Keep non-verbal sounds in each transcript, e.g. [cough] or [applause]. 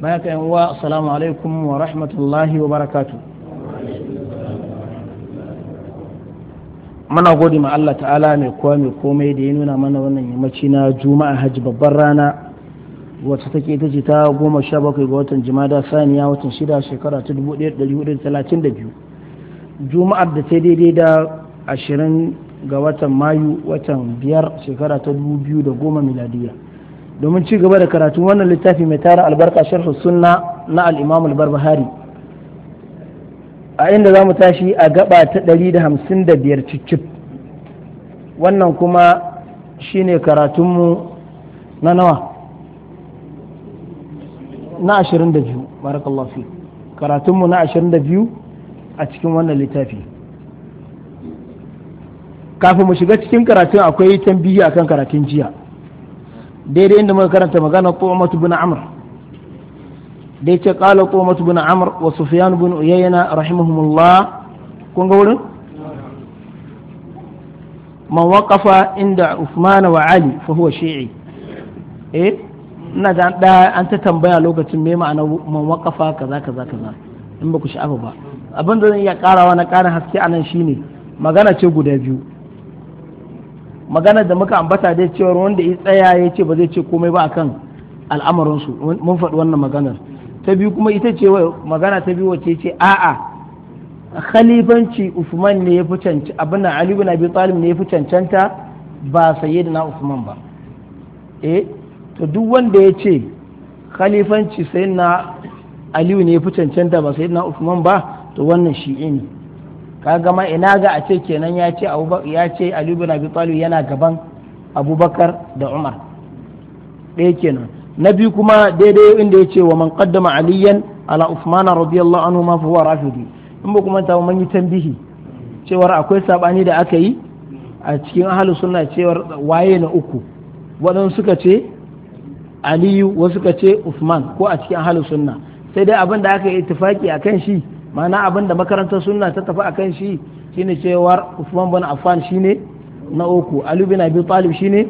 bayan ka uwa assalamu alaikum wa rahmatullahi wa barakatu mana gode ma Allah ta'ala mai kowa mai komai da ya nuna mana wannan yammaci na juma'a hajji babbar rana wacce take ita ce ta goma sha bakwai ga watan jimada saniya watan shida shekara ta dubu ɗaya da dubu ɗaya talatin da biyu juma'ar da ta daidai da ashirin ga watan mayu watan biyar shekara ta dubu biyu da goma miladiyya domin ci gaba da karatu wannan littafi mai tara albarka sharhu sunna na al-imam al-barbahari a inda za mu tashi a gaba ta 155 cicif wannan kuma shine karatunmu na nawa na 22 barakallahu fi karatunmu na 22 a cikin wannan littafi kafin mu shiga cikin karatun akwai tambihi akan karatun jiya daidai inda muka karanta magana tu'matu bin amr da yace qala tu'matu bin amr wa sufyan bin uyayna rahimahumullah kun ga wurin man waqafa inda usman wa ali fa huwa shi'i eh ina da an ta tambaya lokacin me ma'ana man waqafa kaza kaza kaza in ba ku sha'afa ba abin da zan iya karawa na karin haske anan shine magana ce guda biyu maganar da muka ambata dai cewar wanda ya tsaya ya ce ba zai ce komai ba akan al'amarinsu mun faɗi wannan maganar ta biyu kuma ita ce magana ta biyu wacce ce a'a khalifanci Uthman ne ya fi cancanta abin nan Ali ibn Abi Talib ne ya fi cancanta ba sayyidina Uthman ba eh to duk wanda ya ce khalifanci sayyidina Ali ne ya fi cancanta ba sayyidina Uthman ba to wannan shi'i ne kaga ma ina ga a ce kenan ya ce ya ce Ali bin Abi Talib yana gaban Abubakar da Umar ɗaya kenan na biyu kuma daidai inda ya ce wa man qaddama aliyan ala Uthman radiyallahu anhu ma huwa rafidi in ba kuma ta mun yi tambihi cewar akwai sabani da aka yi a cikin ahlus sunna cewar waye na uku waɗansu suka ce Aliyu wasu suka ce Uthman ko a cikin ahlus sunna sai dai abin da aka yi ittifaki akan shi mana abin da makarantar sunna ta tafi kan shi shine cewar Usman bin Affan shine na uku Ali bin Abi Talib shine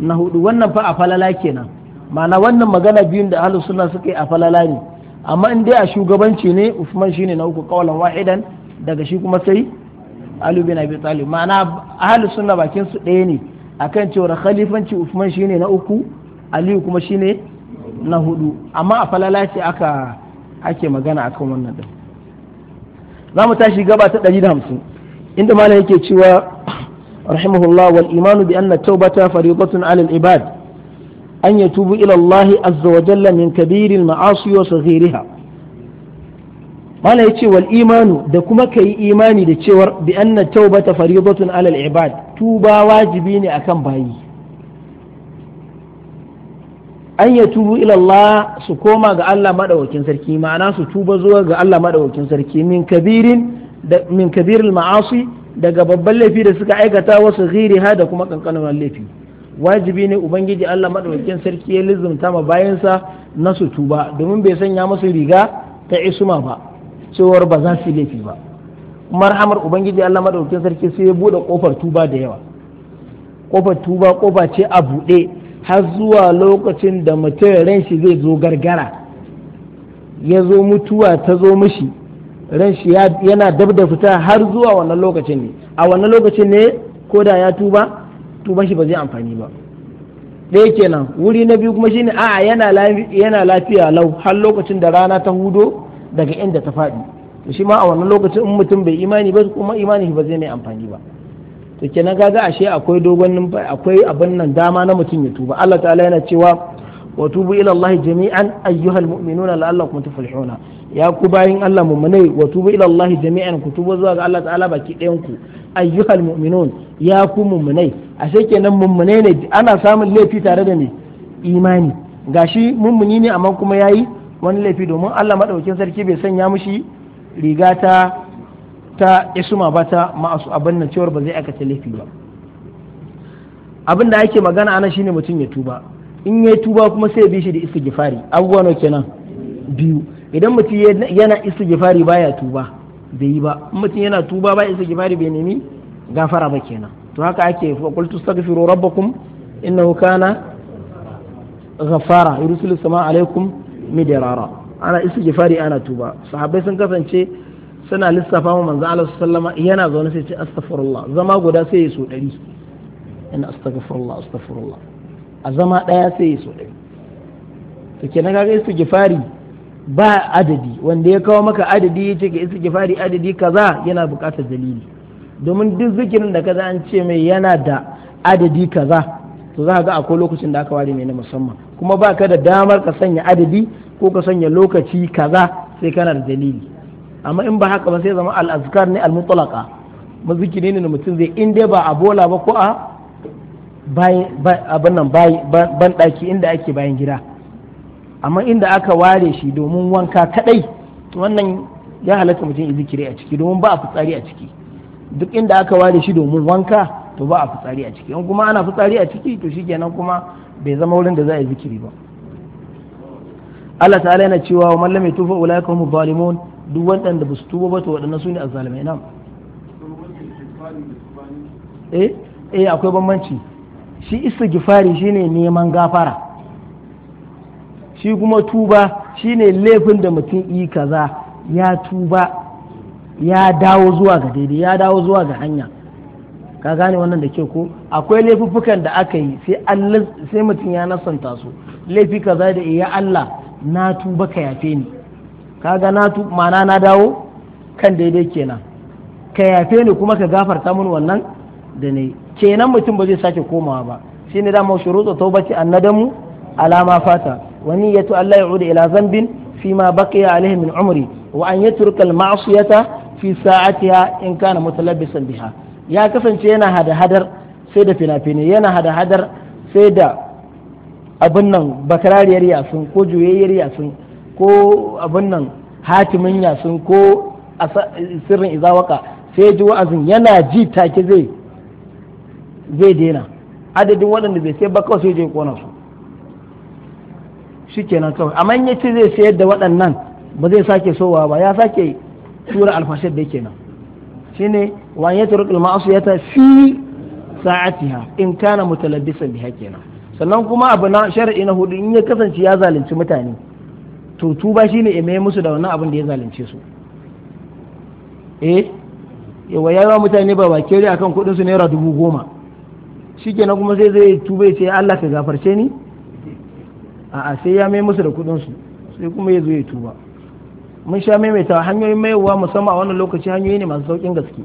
na hudu wannan fa a falala kenan mana wannan magana biyun da ahlus sunna suka yi a falala ne amma in dai a shugabanci ne Usman shine na uku kawalan wahidan daga shi kuma sai Ali bin Abi Talib mana ahlus sunna bakin su ɗaya ne akan cewar khalifanci Usman shine na uku Ali kuma shine na hudu amma a falala ce aka ake magana akan wannan din za mu tashi gaba ta hamsin. inda malam yake cewa rahimahullah wal imanu bi anna tawbata fariidatun 'ala al ibad an yatubu ila Allah azza wa jalla min kabiril ma'asi wa saghiriha malam yace wal imanu da kuma kai imani da cewar bi anna tawbata fariidatun 'ala al ibad tuba wajibi ne akan bayi an ya tubu ilallah su koma ga Allah maɗaukakin sarki ma'ana su tuba zuwa ga Allah maɗaukakin sarki min kabirin min kabiril ma'asi daga babban laifi da suka aikata wasu ghiri ha da kuma kankanin laifi wajibi ne ubangiji Allah maɗaukakin sarki ya lizumta ma bayansa na su tuba domin bai sanya musu riga ta isuma ba cewar ba za su laifi ba marhamar ubangiji Allah maɗaukakin sarki sai ya buɗe kofar tuba da yawa kofar tuba kofa ce a buɗe har zuwa lokacin da mutum ran shi zai zo gargara ya zo mutuwa ta zo mishi ran shi yana dab da fita har zuwa wannan lokacin ne a wannan lokacin ne ko da ya tuba tuban shi ba zai amfani ba ɗaya kenan wuri na biyu kuma shine a'a yana lafiya lau har lokacin da rana ta hudo daga inda ta faɗi to shi ma a wannan lokacin in mutum bai imani ba kuma imani ba zai mai amfani ba to kenan kaga ashe akwai dogon akwai abin nan dama na mutum ya tuba Allah ta'ala yana cewa wa tubu ila Allah jami'an ayyuhal mu'minuna la'allakum tuflihuna ya ku bayin Allah munai wa tubu ila Allah jami'an ku tuba zuwa ga Allah ta'ala baki ɗayan ku ayyuhal mu'minun ya ku mu'minai ashe kenan mu'minai ne ana samun laifi tare da me imani gashi mummuni ne amma kuma yayi wani laifi domin Allah madaukakin sarki bai sanya mushi rigata. ta isma ba ta ma'asu abin nan cewar ba zai aikata laifi ba abin da ake magana ana shine mutum ya tuba in ya tuba kuma sai ya bi shi da istighfari abubuwa nawa kenan biyu idan mutum yana gifari baya tuba bai yi ba mutum yana tuba ba gifari bai nemi gafara ba kenan to haka ake fa qul tastaghfiru rabbakum innahu kana ghafara yursilu sama alaikum midarara ana gifari ana tuba sahabbai sun kasance tana lissafa mu manzo Allah sallama yana zaune sai ce astaghfirullah zama guda sai ya so ina astaghfirullah astaghfirullah a zama ɗaya sai ya so to kenan kaga istighfari ba adadi wanda ya kawo maka adadi ya ce istighfari adadi kaza yana buƙatar dalili domin duk zikirin da kaza an ce mai yana da adadi kaza to za ka ga akwai lokacin da aka ware mai na musamman kuma ba ka da damar ka sanya adadi ko ka sanya lokaci kaza sai kana da dalili amma in ba haka ba sai zama al'azkar ne al-mutlaqa mazikiri ne mutum zai in dai ba a bola ba ko a abin nan ban ɗaki inda ake bayan gida amma inda aka ware shi domin wanka kadai wannan ya halatta mutum zikiri a ciki domin ba a fitsari a ciki duk inda aka ware shi domin wanka to ba a fitsari a ciki in kuma ana fitsari a ciki to shikenan kuma bai zama wurin da za a yi zikiri ba Allah ta'ala yana cewa wa mallame tufa ulaikum zalimun duk waɗanda ba su tuba ba to waɗannan su ne azzalimai na eh eh akwai bambanci shi istighfari shine neman gafara shi kuma tuba shine laifin da mutum yi kaza ya tuba ya dawo zuwa ga daidai ya dawo zuwa ga hanya ka gane wannan da ke ko akwai laifuffukan da aka yi sai mutum ya nasanta su laifi kaza da iya Allah na tuba ka yafe ni kaga na tu mana na dawo kan daidai kenan ka yafe ni kuma ka gafarta mun wannan da ne kenan mutum ba zai sake komawa ba shi ne da mu shurutu tawbati annadamu alama fata wa niyyatu alla yauda ila zambin ma baqiya alaihi min umri wa an yatruka al ma'siyata fi sa'atiha in kana mutalabbisan biha ya kasance yana hada hadar sai da fina-finai yana hada hadar sai da abin nan bakarariyar yasin ko juyayyar yasin ko abin nan hatimin yasin ko sirrin izawaka sai ji wa'azin yana ji take zai zai daina adadin waɗanda bai sai baka sai je kona su shikenan kawai amma ya ce zai sayar da waɗannan ba zai sake sowa ba ya sake tura alfashar da kenan shine wa ya ya ta fi sa'atiha in kana mutalabbisan biha kenan sannan kuma abu na shar'i na hudu in ya kasance ya zalunci mutane to tuba shine ya mai musu da wannan abin da ya zalunce su eh yawa yawa mutane ba bakere akan kuɗin su naira dubu goma shi na kuma sai zai tuba ya ce Allah ka gafarce ni a sai ya mai musu da kuɗin su sai kuma ya zo ya tuba mun sha maimaita hanyoyin maiwa musamman a wannan lokaci hanyoyi ne masu saukin gaske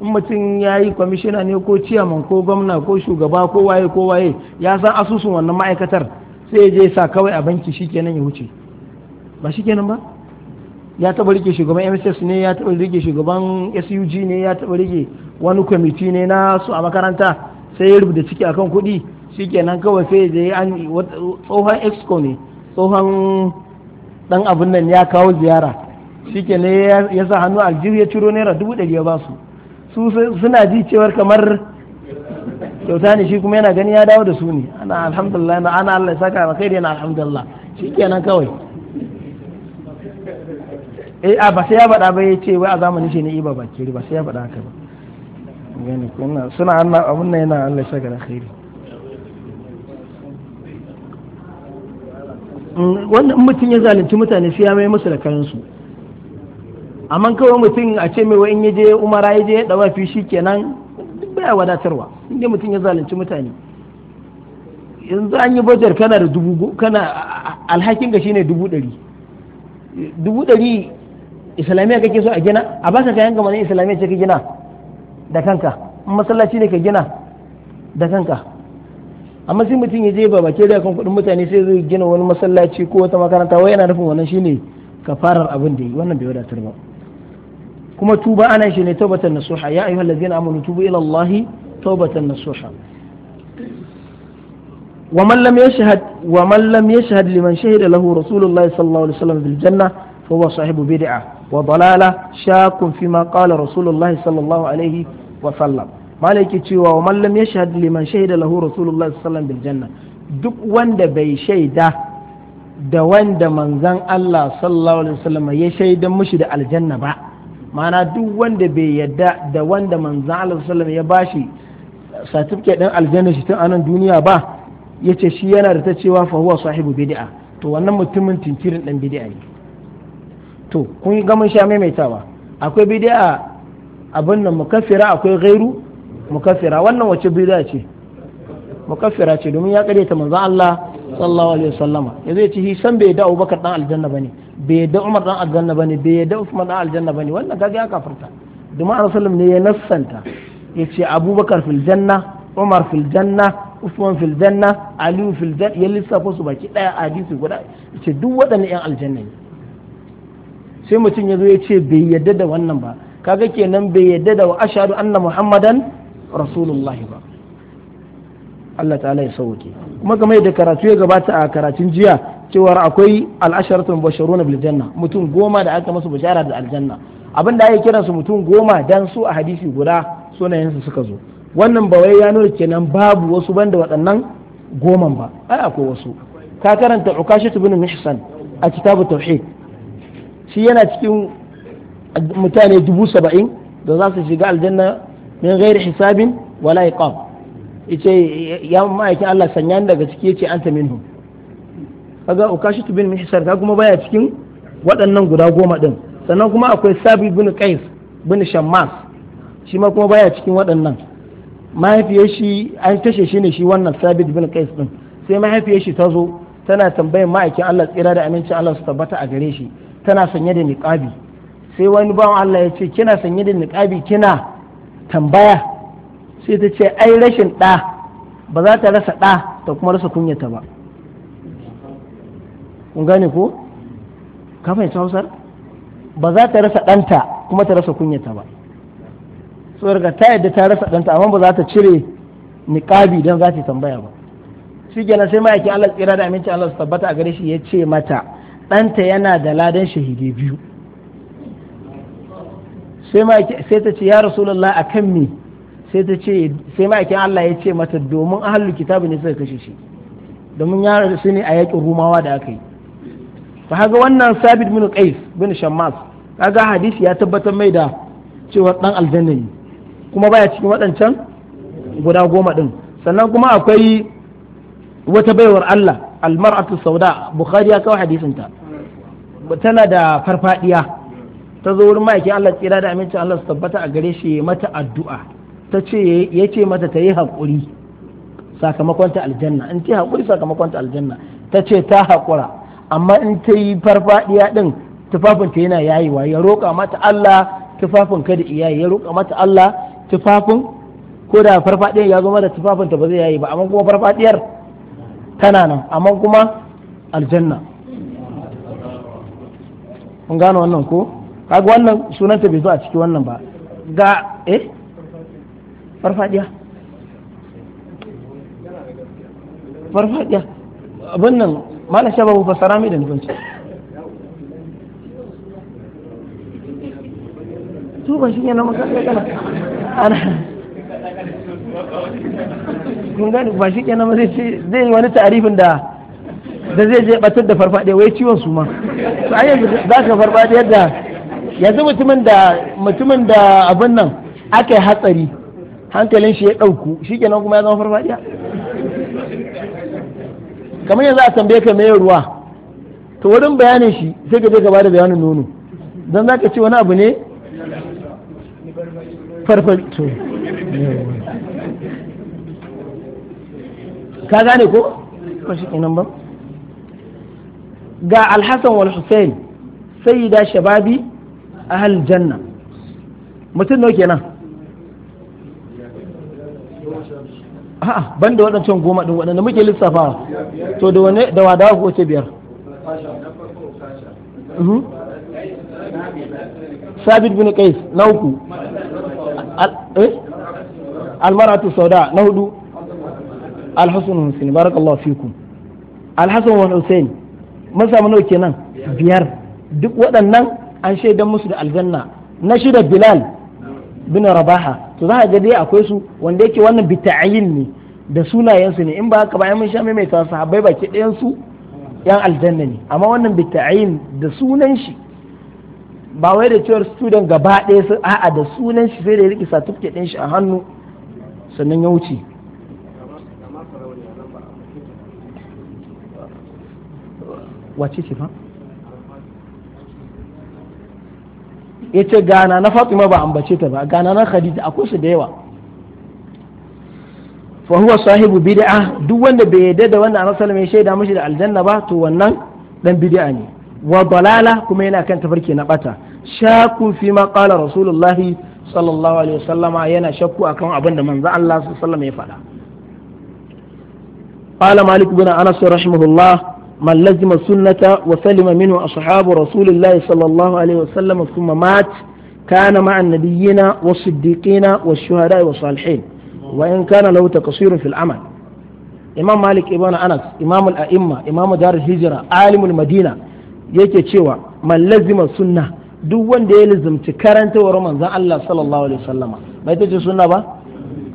in mutum ya yi kwamishina ne ko ciyaman ko gwamna ko shugaba ko waye ko waye ya san asusun wannan ma'aikatar sai ya je sa kawai a banki shi kenan ya wuce ba shi kenan ba ya taba rike shugaban mss ne ya taba rike shugaban sug ne ya taba rike wani kwamiti ne na su a makaranta sai ya rubuta ciki akan kuɗi shi kenan kawai sai ya an tsohon exco ne tsohon dan abin nan ya kawo ziyara shi kenan ya sa hannu aljihu ya ciro naira dubu ɗari ya ba su su suna ji cewar kamar kyauta ne shi kuma yana gani ya dawo da su ne ana alhamdulillah ana Allah ya saka alkhairi yana alhamdulillah shi kenan kawai eh a ba sai ya faɗa ba ya ce wai a zamani shi ne iba ba ba sai ya faɗa haka ba gani kuna suna Allah abun nan yana Allah shaka da khairi mm, wannan mutum ya zalunci mutane sai ya mai musu da kayan su amma kawai mutum a ce mai wai in yaje umara yaje ya dawa fi shikenan baya wadatarwa inda mutum ya zalunci mutane yanzu an yi bajar kana da dubu kana alhakin ga shine dubu ɗari dubu ɗari islamiyya kake so a gina a baka kayan gama ne islamiyya ce ka gina da kanka masallaci ne ka gina da kanka amma sai mutum ya je ba bakin da kan kuɗin mutane sai zai gina wani masallaci ko wata makaranta wai yana nufin wannan shine kafarar abin da yi wannan bai wadatar ba kuma tuba ana shi ne taubatan nasuha ya ayyuhal ladzina amanu tubu ila Allah taubatan nasuha ومن لم يشهد ومن لم يشهد لمن شهد له رسول الله صلى الله عليه وسلم بالجنه فهو صاحب بدعة وضلالة شاك فيما قال رسول الله صلى الله عليه وسلم malaki cewa wa mallam ya shahada liman shaida lahu rasulullahi sallallahu bil janna duk wanda bai shaida da wanda manzan Allah sallallahu alaihi wasallam ya shaida mushi da aljanna ba ma'ana duk wanda bai yadda da wanda manzan Allah sallallahu ya bashi certificate din aljanna shi tun anan duniya ba yace shi yana da ta cewa fa huwa sahibu bid'a to wannan mutumin tinkirin ɗan bid'a ne to kun yi gamin sha maimaitawa akwai bid'a abin nan mukaffira akwai gairu mukaffira wannan wace bid'a ce mukaffira ce domin ya kare ta manzo Allah sallallahu alaihi wasallama yanzu yace shi san bai da Abubakar dan aljanna bane bai da Umar dan aljanna bane bai da Uthman dan aljanna bane wannan kage ya kafirta domin Rasulullahi ne ya nassanta yace Abubakar fil janna Umar fil janna Uthman fil janna Ali fil janna ya lissafa su baki daya hadisi guda yace duk waɗannan yan aljanna ne sai mutum ya zo ya ce bai yadda da wannan ba kaga kenan bai yadda da wa ashadu anna muhammadan rasulullahi ba Allah ta'ala ya sauke kuma kamar yadda karatu ya gabata a karatun jiya cewar akwai al'asharatu mubasharuna bil janna mutum goma da aka masu bishara da aljanna abin da ake kiran su mutum goma dan su a hadisi guda sunayensu suka zo wannan ba wai ya nuna kenan babu wasu banda waɗannan goman ba ai akwai wasu ka karanta ukashatu bin mishsan a kitabu tauhid shi yana cikin mutane dubu saba'in da za su shiga aljanna min gairi hisabin wala iqam yace ya ma'aikin Allah sanya daga ciki yace anta minhum kaga ukashi bin min hisar ta kuma baya cikin waɗannan guda goma din sannan kuma akwai sabi bin qais bin shammas shi ma kuma baya cikin waɗannan mahaifiyar shi an tashe shi ne shi wannan sabi bin qais din sai mahaifiyar shi ta zo tana tambayar ma'aikin Allah tsira da amincin Allah su tabbata a gare shi tana sanye da niƙabi sai wani bawan Allah ya ce kina sanye da niƙabi kina tambaya sai ta ce ai rashin ɗa ba za ta rasa ɗa ta kuma rasa kunyata ba kun gane ko ka fahimci hausar ba za ta rasa ɗanta kuma ta rasa kunyata ba so daga ta yadda ta rasa ɗanta amma ba za ta cire niƙabi don za ta tambaya ba shi kenan sai ma'aikin Allah tsira da aminci Allah su tabbata a gare shi ya ce mata ɗanta yana da ladan shahidai biyu sai ta ce ya rasulullah a kan me sai ta ce Allah ya ce mata domin ahallu kitabu ne suka kashe shi domin ya rasu ne a yakin rumawa da aka yi ba haga wannan sabit bin qais bin shammas kaga hadisi ya tabbatar mai da cewa dan aljanna ne kuma baya cikin waɗancan guda goma din sannan kuma akwai wata baiwar Allah almar'atu sauda bukhari ya kawo hadisin ta tana da farfadiya ta zo wurin ma'aikin Allah tsira da amincin Allah su tabbata a gare shi mata addu'a ta ce ya ce mata ta yi haƙuri sakamakon ta aljanna in ta yi haƙuri sakamakon ta aljanna ta ce ta haƙura amma in ta yi farfadiya din tufafinta yana yayewa ya roƙa mata Allah tufafin kada iyaye ya roƙa mata Allah tufafin ko da farfadiyar ya zo mata ta ba zai yayi ba amma kuma farfadiyar tana nan amma kuma aljanna kun gano wannan ko kaga wannan sunanta bai zo a ciki wannan ba ga eh farfadiya farfadiya abin nan mala shaba shababu fasara mai da nufanci su ba shi ne na makaranta kana ana kun gani ba shi kenan ba zai yi wani tarifin da da zai je batar da farfaɗe wai ciwon su ma to ai yanzu za ka farfaɗe yadda yanzu mutumin da mutumin da abin nan aka yi hatsari hankalin shi ya ɗauku shikenan kuma ya zama farfadiya kamar yanzu a tambaye ka mai ruwa to wurin bayanin shi sai ka je gaba da bayanin nono dan za ka ce wani abu ne farfato ka gane ko ba shi kenan ba ga alhassan wal hussein sayyida shababi ahal janna mutum nawa kenan a'a ban da waɗancan goma ɗin waɗanda muke lissafa to da wane da wada ko ce biyar mhm. sabit bin qais na uku eh? almaratu sauda na hudu alhassan hussein barakallahu fikum alhassan wal hussein mun samu nawa kenan biyar duk waɗannan an shaidan musu da aljanna na shida bilal bin rabaha to za a ga dai akwai su wanda yake wannan bita'ayin ne da sunayensu ne in ba haka bayan mun sha mai ta sahabbai baki ɗayan su yan aljanna ne amma wannan bita'ayin da sunan shi ba wai da cewar student gaba ɗaya su a'a da sunan shi sai da ya riƙe certificate ɗin shi a hannu sannan ya wuce wace ce fa ya ce gana na fatima ba bace ta ba gana na khadija akwai su da yawa fa huwa sahibu bid'a duk wanda bai yarda da wanda annabi sallallahu ya shaida mashi da aljanna ba to wannan dan bid'a ne wa dalala kuma yana kan tafarki na bata shaku fi ma qala rasulullahi sallallahu alaihi wasallama yana shakku akan abin da manzo Allah sallallahu alaihi ya faɗa qala malik bin anas rahimahullah من لزم السنة وسلم منه أصحاب رسول الله صلى الله عليه وسلم ثم مات كان مع النبيين والصديقين والشهداء والصالحين وإن كان له تقصير في العمل إمام مالك ابن أنس إمام الأئمة إمام دار الهجرة عالم المدينة yake cewa man lazima sunna duk wanda ya lazimci karantawar manzon Allah sallallahu alaihi wasallama bai ta ce sunna ba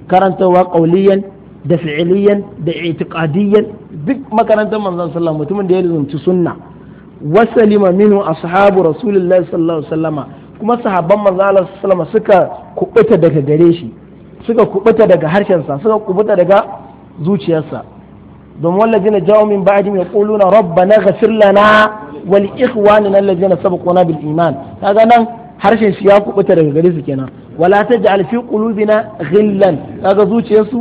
karantawa qauliyan da fi'iliyan da itiqadiyan duk makarantar manzon sallallahu mutumin da ya rizunci sunna salima minhu ashabu rasulillahi sallallahu alaihi wasallama kuma sahabban manzon sallallahu suka kubuta daga gare shi suka kubuta daga harshen sa suka kubuta daga zuciyarsa domin wallazina ja'u min ba'di yaquluna rabbana ghfir lana wal ikhwanina allazina sabaquna bil iman kaga nan harshen shi ya kubuta daga gare su kenan wala taj'al fi qulubina ghillan kaga zuciyarsu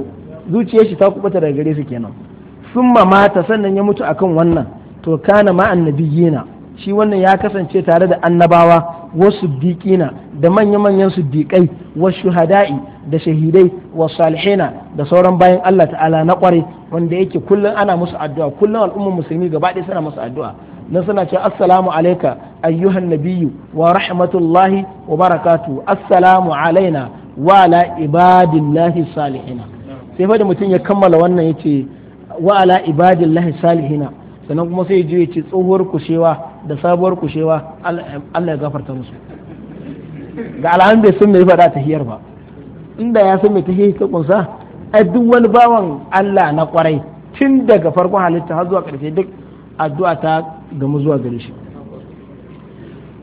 zuciyar shi ta kubuta daga gare su kenan ma mata sannan ya mutu akan wannan to kana ma annabiyina shi wannan ya kasance tare da annabawa wasu diƙina da manya-manyan siddiƙai wa shuhada'i da shahidai wa salihina da sauran bayan Allah ta'ala na ƙware wanda yake kullum ana musu addu'a kullum al'ummar musulmi gaba ɗaya suna musu addu'a na suna ce assalamu alaika ayyuhan nabiyyu wa rahmatullahi wa barakatu assalamu alaina wa ala ibadillahi salihina sai fa da mutum ya kammala wannan yace wa ala ibadillahi salihina sannan kuma sai ya ce tsohuwar kushewa da sabuwar kushewa Allah ya gafarta musu ga alhamdu bai san mai ta tahiyar ba inda ya san me tahiyar ta kunsa a duk wani bawan Allah na kwarai tun daga farkon halitta har zuwa karshe duk addu'a ta gamu zuwa gare shi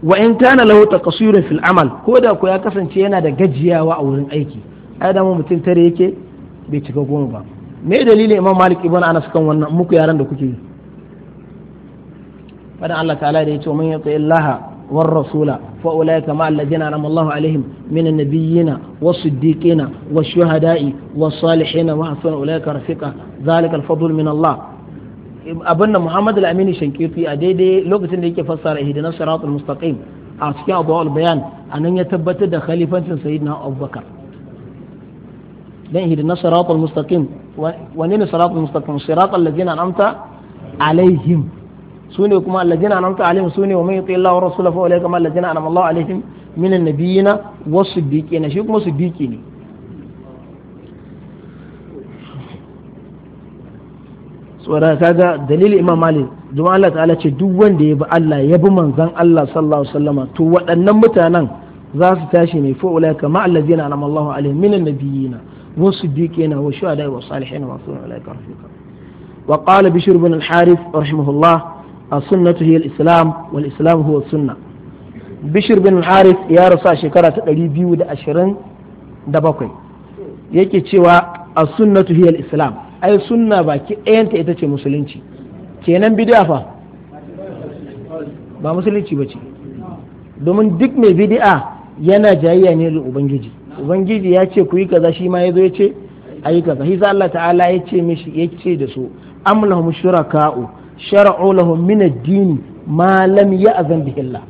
wa in kana lahu taqsirun fil amal ko da ko ya kasance yana da gajiyawa a wurin aiki ai da mutum tare yake bai cika goma ba me dalilin imam malik ibn anas kan wannan muku yaran da kuke yi fadan Allah ta'ala da yace man yata illaha war rasula fa ulaika ma alladhina anama Allahu alaihim min an-nabiyyina was-siddiqina wash-shuhada'i was-salihina wa hasuna ulaika rafiqa zalika al-fadl min Allah abinda Muhammad al-Amin Shankiti a daidai lokacin da yake fassara ihdinas siratul mustaqim a cikin Abu al-Bayan anan ya tabbatar da khalifancin sayyidina Abubakar dan ihdina siratal mustaqim wani ne siratal mustaqim siratal ladzina an'amta alaihim sune kuma alladzina an'amta alaihim sune wa man yuti Allah wa rasulahu fa ulaika ma alladzina an'ama Allah alaihim min annabiyina was-siddiqina shi kuma siddiqi ne saboda kaga dalilin imam malik don Allah ta'ala ce duk wanda ya bi Allah ya bi manzon Allah sallallahu alaihi wasallam to waɗannan mutanen za su tashi ne fa ulaika ma allazina an'ama Allah alaihim min annabiyina والصديقين والشهداء والصالحين وصلى أولئك رفيقا وقال بشر بن الحارث رحمه الله السنة هي الإسلام والإسلام هو السنة بشر بن الحارث يا رسا شكرا تقري بيو دا أشرين دا بقي yake cewa a sunnatu hiyar islam ai sunna baki ɗayanta ita ce musulunci kenan bidi'a fa ba musulunci ba ce domin duk mai bidi'a yana jayayya ne da ubangiji ubangiji ya ce ku yi kaza shi ma ya zo ya ce a yi kaza hisa Allah ta'ala ya ce mishi ya ce da su mu shura shuraka'u shara'u lahum min ad dini ma lam ya'zan bihi Allah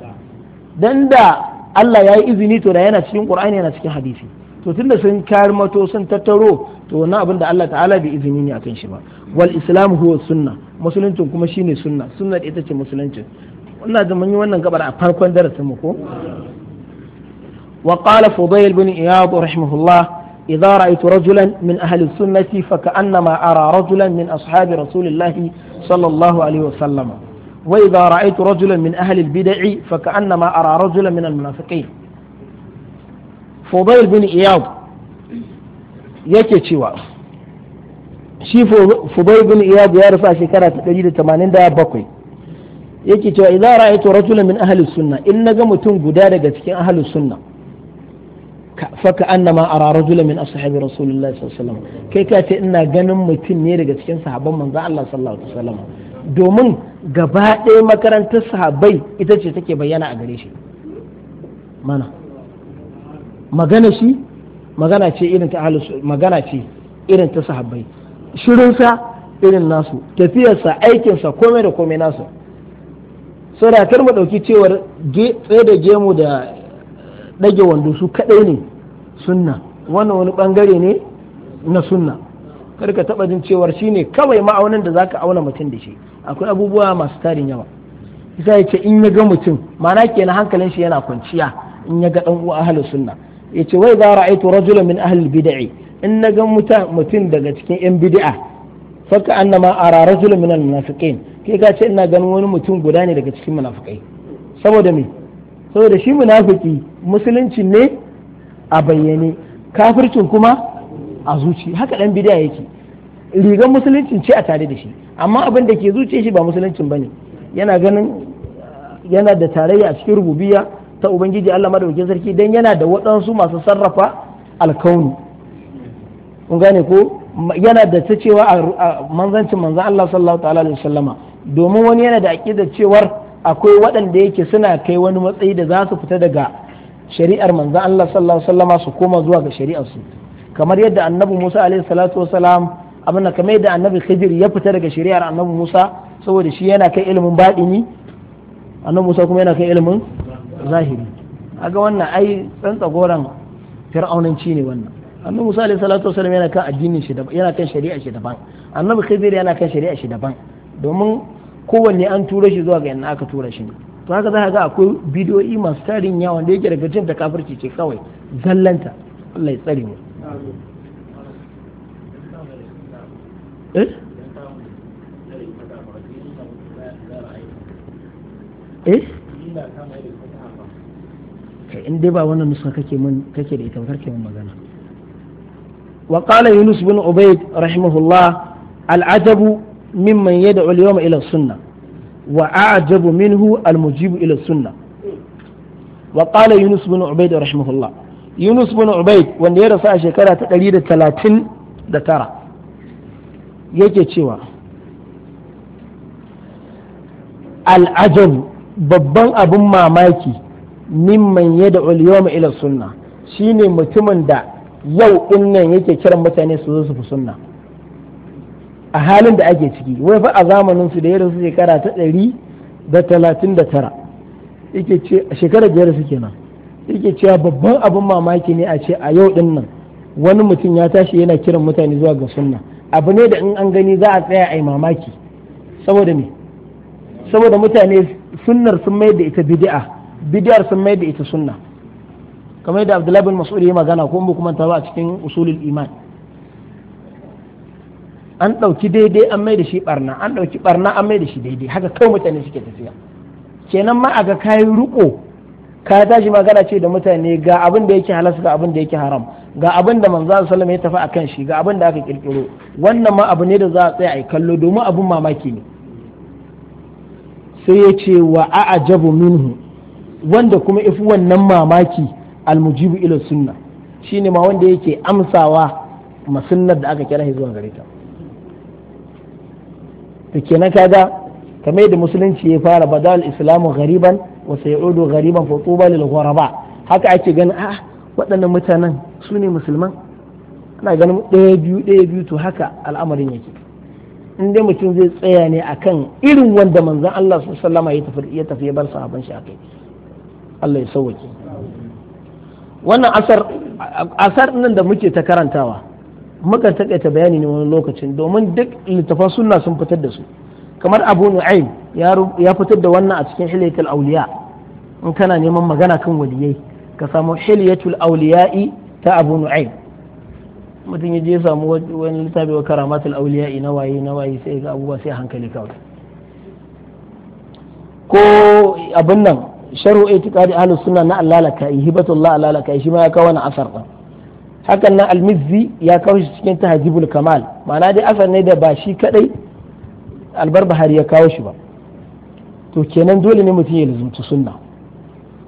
dan da Allah ya yi izini to da yana cikin Qur'ani yana cikin hadisi to tunda sun mato sun tattaro to wannan abin da Allah ta'ala bai izini ne akan shi ba wal islam huwa sunna musuluncin kuma shi shine sunna sunna ita ce musuluncin ina da mun yi wannan gabar a farkon darasin mu ko وقال فضيل بن إياض رحمه الله إذا رأيت رجلا من أهل السنة فكأنما أرى رجلا من أصحاب رسول الله صلى الله عليه وسلم وإذا رأيت رجلا من أهل البدع فكأنما أرى رجلا من المنافقين فضيل بن إياض yake cewa shi fubai bin iyad ya rufa shekara ta 187 yake cewa idza ra'aytu rajulan min ahli sunna in naga mutum guda daga cikin ahli sunna faka annama ara rajula min ashabi rasulullahi sallallahu alaihi wasallam kai ka ce ina ganin mutum ne daga cikin sahabban manzo Allah sallallahu alaihi wasallam domin gaba ɗaya makarantar sahabbai ita ce take bayyana a gare shi mana magana shi magana ce irin ta ahlus magana ce irin ta sahabbai shirinsa irin nasu tafiyarsa aikinsa komai da komai nasu saboda kar mu dauki cewar tsaye da gemu da ɗage wando su kaɗai ne sunna wannan wani ɓangare ne na sunna kar ka taɓa jin cewar shi ne kawai ma'aunin da za ka auna mutum da shi akwai abubuwa masu tarin yawa isa ya ce in ya ga mutum mana kenan hankalin shi yana kwanciya in ya ga ɗan uwa ahalin sunna ya ce wai za ra'aitu rajulan min ahalin bida'i in na ga mutum daga cikin yan bida'a faka annama ara rajulan min al munafiqin kai ka ce ina ganin wani mutum guda ne daga cikin munafiqai saboda me saboda shi munafiki musulunci ne a bayyane kafircin kuma a zuci haka dan bid'a yake rigar musuluncin ce a tare da shi amma abin da ke zuce shi ba musuluncin bane yana ganin yana da tarayya a cikin rububiya ta ubangiji Allah madaukakin sarki dan yana da waɗansu masu sarrafa alkauni kun gane ko yana da ta cewa a manzancin manzan Allah sallallahu ta'ala alaihi wasallama domin wani yana da aqidar cewar akwai waɗanda yake suna kai wani matsayi da za su fita daga shari'ar manzo Allah sallallahu alaihi wasallam su koma zuwa ga shari'ar su kamar yadda annabi Musa alaihi salatu wasalam abinda kamar yadda annabi Khidir ya fita daga shari'ar annabi Musa saboda shi yana kai ilimin baɗini annabi Musa kuma yana kai ilimin zahiri aga wannan ai tsantsa goran fir'aunanci ne wannan annabi Musa alaihi salatu wasalam yana kan addinin shi daban yana kan shari'a shi daban annabi Khidir yana kan shari'a shi daban domin kowanne an tura shi zuwa ga yana aka tura shi ne to haka za ka ga akwai bidiyoyi masu tarin yawa da yake daga jin takafirci ce kawai zallanta Allah ya tsare mu eh, eh? in dai ba wannan nusa kake mun kake da ita ba kake mun magana wa qala yunus bin Ubaid rahimahullah al-ajabu mimman yad'u al-yawma ila sunnah wa a'jabu al-mujibu ila sunnah wa qala yunus bin ubayd yunus bin ubayd wanda ya rasu shekara ta 139 yake cewa al'ajabu babban abin mamaki mimman da uliyoma ila sunna shine mutumin da yau nan yake kiran mutane su zo su fi sunna a halin da ake ciki wai fa a zamanin su da ya rasu shekara ta ɗari da talatin da tara yake ce a shekara biyar su kenan yake cewa babban abin mamaki ne a ce a yau din nan wani mutum ya tashi yana kiran mutane zuwa ga sunna abu ne da in an gani za a tsaya a yi mamaki saboda me saboda mutane sunnar sun mai da ita bidi'a, bid'ar sun mai da ita sunna kamar yadda abdullahi bin mas'ud ya magana ko mu kuma ta ba a cikin usulul iman an ɗauki daidai an mai da shi barna an ɗauki barna an mai da shi daidai haka kawai mutane suke tafiya kenan ma ga kayi riko ka tashi magana ce da mutane ga abin da yake halas ga abin da yake haram ga abin da manzo sallallahu ya tafi akan shi ga abin da aka kirkiro wannan ma abu ne da za a tsaya ai kallo domin abin mamaki ne sai ya ce wa a'jabu minhu wanda kuma ifi wannan mamaki almujibu ila sunna shine ma wanda yake amsawa masunnar da aka kira zuwa gare to kenan kaga kamar da musulunci ya fara badal islamu ghariban wa sayudu ghariban fa tuba lil ghuraba haka ake ganin a ah, waɗannan mutanen su ne musulman ana ganin ɗaya biyu ɗaya biyu to haka al'amarin yake in dai mutum zai tsaya ne akan irin wanda manzon Allah sallallahu alaihi wasallam ya tafi ya bar sahabban shi akai Allah ya sauwake wannan asar asar nan da muke ta karantawa mukan takaita bayani ne wani lokacin domin duk littafan sunna sun fitar da su kamar abu nu'aim ya fitar da wannan a cikin hilyatul auliya in kana neman magana kan waliyai ka samu hilyatul auliya'i ta abu nu'aim mutum ya je samu wani littafi wa karamatul auliya'i na waye na waye sai ga abubuwa sai hankali kawai ko abin nan sharu itiqadi ahlus sunna na allalaka ihibatullah allalaka shi ma ya kawo wani asar din hakan nan almizzi ya kawo shi cikin tahajibul kamal ma'ana dai asar ne da ba shi kadai bahari ya kawo shi ba to kenan dole ne mutum ya lazumci sunna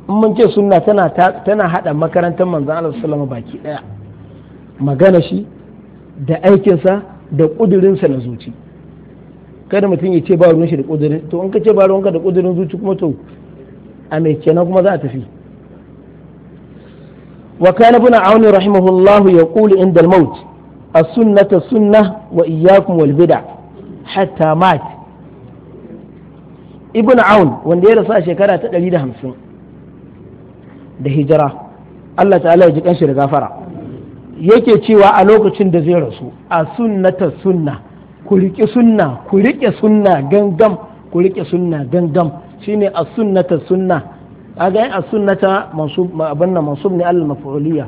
in mun ce sunna tana tana hada makarantar manzon Allah sallallahu baki daya magana shi da aikinsa da sa na zuci kada mutum ya ce ba ruwan shi da kudurin to in ka ce ba ka da kudurin zuci kuma to a mai kenan kuma za a tafi وكان ابن عون رحمه الله يقول عند الموت السنة سنة وإياكم والبدع حتى مات ibn aun wanda ya rasu a shekara ta ɗari da hamsin da hijira Allah ta'ala ya ji kanshi da gafara yake cewa a lokacin da zai rasu a sunnata sunna ku riƙe sunna ku riƙe sunna gangam ku riƙe sunna gangam shine a sunnata sunna kaga a sunnata mansub abin nan mansub ne al maf'uliyya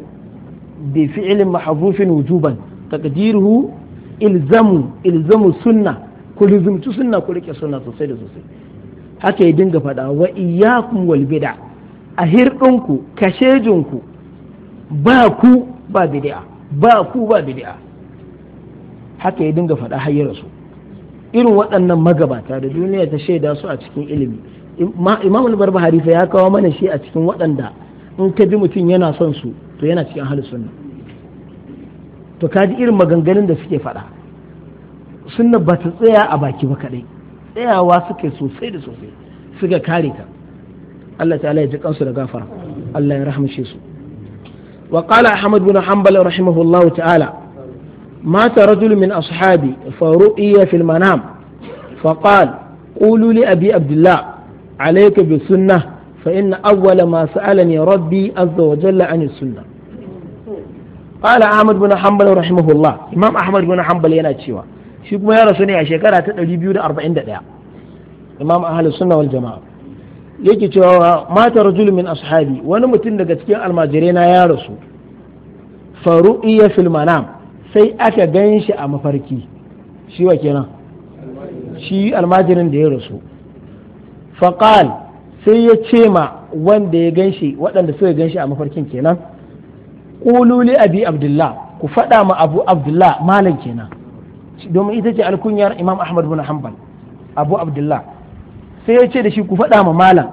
bi fi'lin mahzufin wujuban taqdiruhu ilzamu ilzamu sunna ku lizumtu sunna ku rike sunna sosai da sosai haka ya dinga fada, wa iyyakum wal bid'a a hirɗinku kashejinku ba ku ba bid'a ba ku ba bid'a haka ya dinga faɗa har ya rasu irin waɗannan magabata da duniya ta shaida su a cikin ilimi imam al-barbahari fa ya kawo mana shi a cikin waɗanda in ka ji mutum yana son su to yana cikin ahlus sunna to ka ji irin maganganun da suke faɗa sunna ba ta tsaya a baki ba kaɗai tsayawa suke sosai da sosai suka kare ta Allah ta'ala ya ji kansu da gafara Allah ya rahamshe su wa qala ahmad bin hanbal rahimahullahu ta'ala Mata رجل من أصحابي فرؤي في المنام فقال قولوا لأبي عبد الله alayka bi sunnah fa inna awwala ma sa'alani rabbi azza wa jalla an sunnah قال أحمد بن حنبل رحمه الله إمام أحمد بن حنبل yana cewa shi kuma ya rasu ne a shekara ta 241 Imam Ahlus Sunna wal Jama'a yake cewa mata rajul min ashabi wani mutum daga cikin almajirai ya rasu faru'iya fil manam sai aka ganshi a mafarki shi wa kenan shi almajirin da ya rasu Faƙal sai ya ce ma wanda ya ganshi waɗanda so suka ganshi a mafarkin kenan qulu abi abdullah ku faɗa ma abu abdullah malam kenan domin ita ce alkunyar imam ahmad bin hanbal abu abdullah sai ya ce da shi ku faɗa ma malam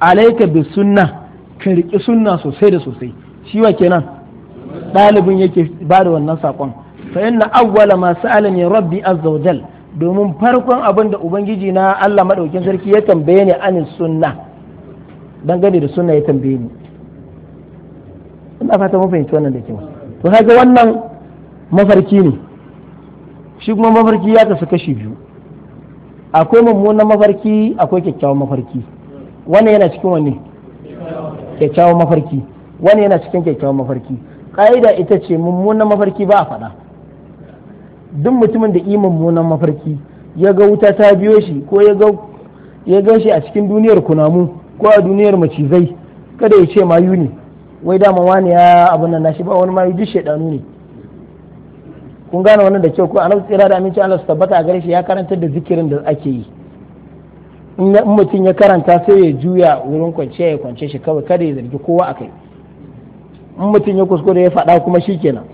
alaika bi sunna ka riƙi sunna sosai da sosai shi wa kenan ɗalibin yake ba da wannan saƙon fa inna awwala ma sa'alani rabbi azza wajal domin farkon abin da ubangiji na Allah maɗaukin sarki ya tambaye ni anin sunna dangane da sunna ya tambaye ni ina fata mun fahimci wannan da kyau to haka wannan mafarki ne shi kuma mafarki ya tafi kashi biyu akwai mummunan mafarki akwai kyakkyawan mafarki wannan yana cikin wani kyakkyawan mafarki wannan yana cikin kyakkyawan mafarki ka'ida ita ce mummunan mafarki ba a faɗa duk mutumin da iman munan mafarki ya ga wuta ta biyo shi ko ya ga shi a cikin duniyar kunamu ko a duniyar macizai kada ya ce mayu ne wai dama wani ya abin nan nashi ba wani mayu duk shaidanu ne kun gane wannan da kyau ko annabi tsira da aminci Allah su tabbata a gare shi ya karanta da zikirin da ake yi in mutum ya karanta sai ya juya wurin kwanciya ya kwance shi kawai kada ya zargi kowa a kai in mutum ya kuskure ya faɗa kuma shi kenan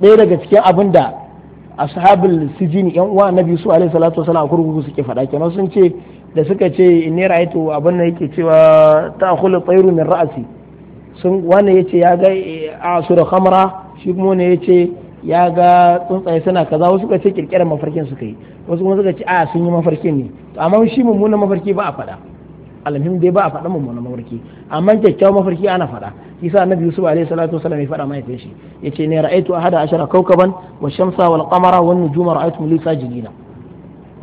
ɗaya daga cikin abin da ashabul sijini yan uwa annabi su alaihi salatu wasallam a kurkuku suke faɗa kenan sun ce da suka ce inni ra'aytu abin da yake cewa ta'khulu tayru min ra'si sun wani yace ya ga da eh, khamra shi kuma wani yace ya ga tsuntsaye suna kaza wasu suka ce kirkirar mafarkin suka yi wasu kuma suka ce a sun yi mafarkin ne amma shi mummunan mafarki ba a faɗa alhamdulillah dai ba a faɗa mun mafarki amma kyakkyawan mafarki ana faɗa yasa annabi yusuf alaihi salatu wasallam ya faɗa mahaifin shi yace ne ra'aitu ahada ashara kawkaban wa shamsa wal qamara wan nujuma ra'aitu li sajidina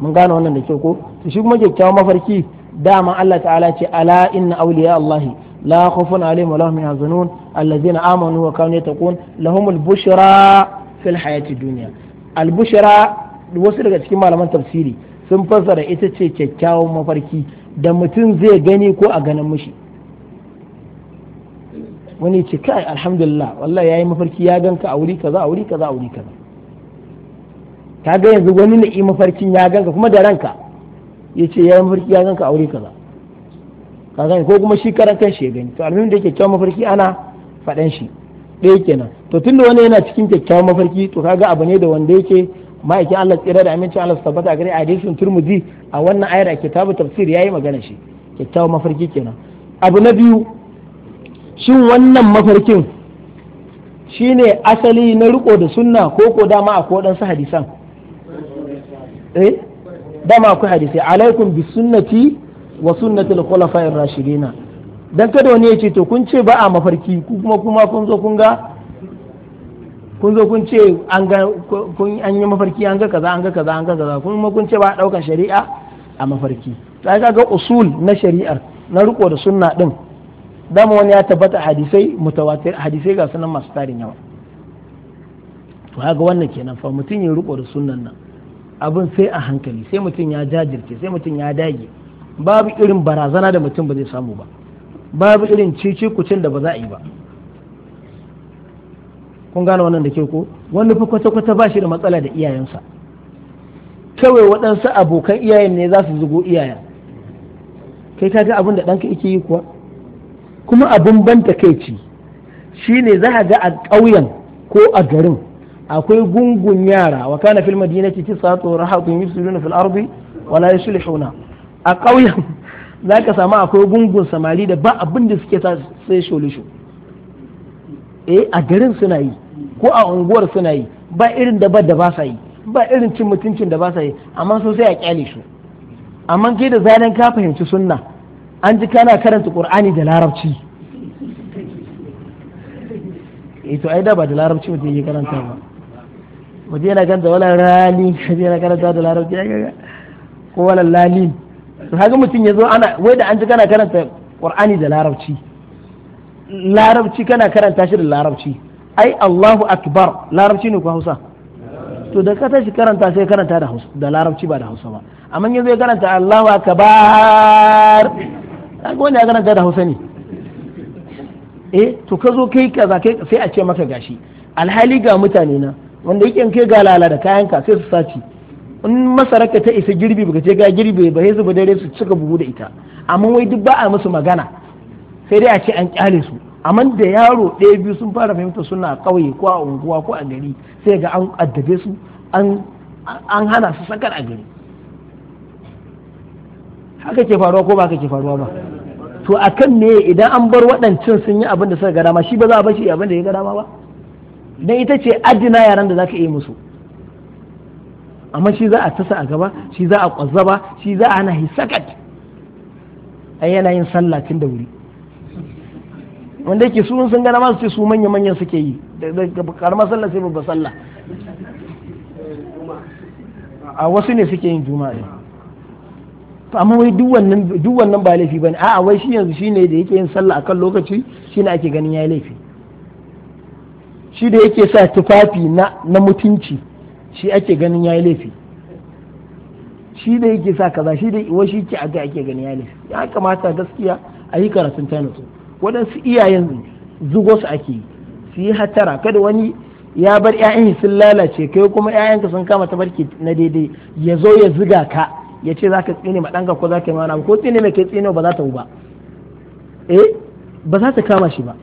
mun gane wannan da kyau ko shi kuma kyakkyawan mafarki dama Allah ta'ala ce ala inna awliya Allah la khawfun alaihim wa lahum yahzanun allazina amanu wa kanu yattaqun lahumul bushra fil hayati dunya al bushra wasu daga cikin malaman tafsiri sun fassara ita ce kyakkyawan mafarki da mutum zai gani ko a ganin mushi wani ce kai alhamdulillah wallahi yayi mafarki ya ganka a wuri kaza a wuri kaza a wuri kaza ka ga yanzu wani na yi mafarkin ya ganka kuma da ranka ya ce ya yi mafarki ya ganka a wuri kaza ka gani ko kuma shi karan kan shi ya gani to alhamdulillah da yake kyawun mafarki ana faɗan shi ɗaya kenan to tunda wani yana cikin kyakkyawan mafarki to kaga abu ne da wanda yake ma'aikin Allah tsira da amincin Allah su tabbata gare hadisin Turmudi a wannan ayar a kitabu tafsir yayi magana shi kyakkyawan mafarki kenan abu na biyu shin wannan mafarkin shine asali na riko da sunna ko ko dama akwai su hadisan eh dama akwai hadisai alaikum bi sunnati wa sunnati al-khulafa'ir rashidina dan kada wani ya ce to kun ce ba a mafarki kuma kuma kun zo kun ga kun zo kun ce an ga kun an yi mafarki an ga kaza an ga kaza an ga kaza kun kun ce ba daukan shari'a a mafarki sai ai ga usul na shari'ar na riko da sunna din dama wani ya tabbata hadisai mutawatir hadisai ga sunan masu tarin yawa to haka wannan kenan fa mutum ya riko da sunnan nan abin sai a hankali sai mutum ya jajirce sai mutum ya dage babu irin barazana da mutum ba zai samu ba babu irin cici kucin da ba za a yi ba kun gane wannan da ke ko wani fa kwata kwata ba shi da matsala da iyayensa kawai waɗansu abokan iyayen ne za su zugo iyayen kai ka ga abin da ɗanka yake yi kuwa kuma abin ban takaici shine za a ga a ƙauyen ko a garin akwai gungun yara wa kana fil madinati tisatu rahatun yufsiduna fil ardi wala yuslihuna a ƙauyen [laughs] zaka samu akwai gungun samari da ba abin da suke sai sholisho eh a garin suna yi ko a unguwar suna yi ba irin ba da ba sa yi ba irin cin mutuncin da ba sa yi amma so sai a kyale su amma kai da zanen ka fahimci sunna an ji kana karanta qur'ani da larabci eh to ai da ba da larabci mutum yake karanta ba waje yana karanta wala rali kaje yana karanta da larabci ko wala lali to haka mutum ya zo ana wai da an ji kana karanta qur'ani da larabci larabci kana karanta shi da larabci ai Allahu akbar larabci ne ko Hausa to da ka tashi karanta sai karanta da Hausa da larabci ba da Hausa ba amma yanzu ya karanta Allahu akbar kaga wani ya karanta da Hausa ne eh to ka zo kai kaza kai sai a ce maka gashi alhali ga mutane na wanda yake kai ga lala da kayanka sai su saci in masaraka ta isa girbi baka ce ga girbi ba sai su dare su cika buhu da ita amma wai duk ba a musu magana sai dai a ce an kyale su amma da yaro ɗaya biyu sun fara fahimta suna ƙauye ko a unguwa ko a gari sai ga an addabe su an hana su sakar a gari haka ke faruwa ko ba haka ke faruwa ba to akan ne idan an bar waɗancan sun yi abin da suka ga dama shi ba za a bashi abin da ya ga dama ba dan ita ce adina yaran da zaka yi musu amma shi za a tasa a gaba shi za a kwazzaba shi za a hana hisakat ai yana yin sallah tun da wuri wanda yake su sun gana masu ce su manya manyan suke yi da karamar sallah sai babba sallah a wasu ne suke yin juma'a ne amma wai duk wannan ba laifi bane a'a wai shi yanzu shine da yake yin sallah akan lokaci shine ake ganin yayi laifi shi da yake sa tufafi na na mutunci shi ake ganin yayi laifi shi da yake sa kaza shi da wai shi ke ake ganin yayi laifi ya kamata gaskiya a yi karatun tana waɗansu iyayen zugo ake yi su yi hatara kada wani ya bar 'ya'yan sun lalace kai kuma 'ya'yanka sun kama ta tabarki na daidai ya zo ya ziga ka ya ce za ka tsine ma ɗanka ko za ka yi mana ko tsine mai kai tsine ba za ta ba eh ba za ta kama shi ba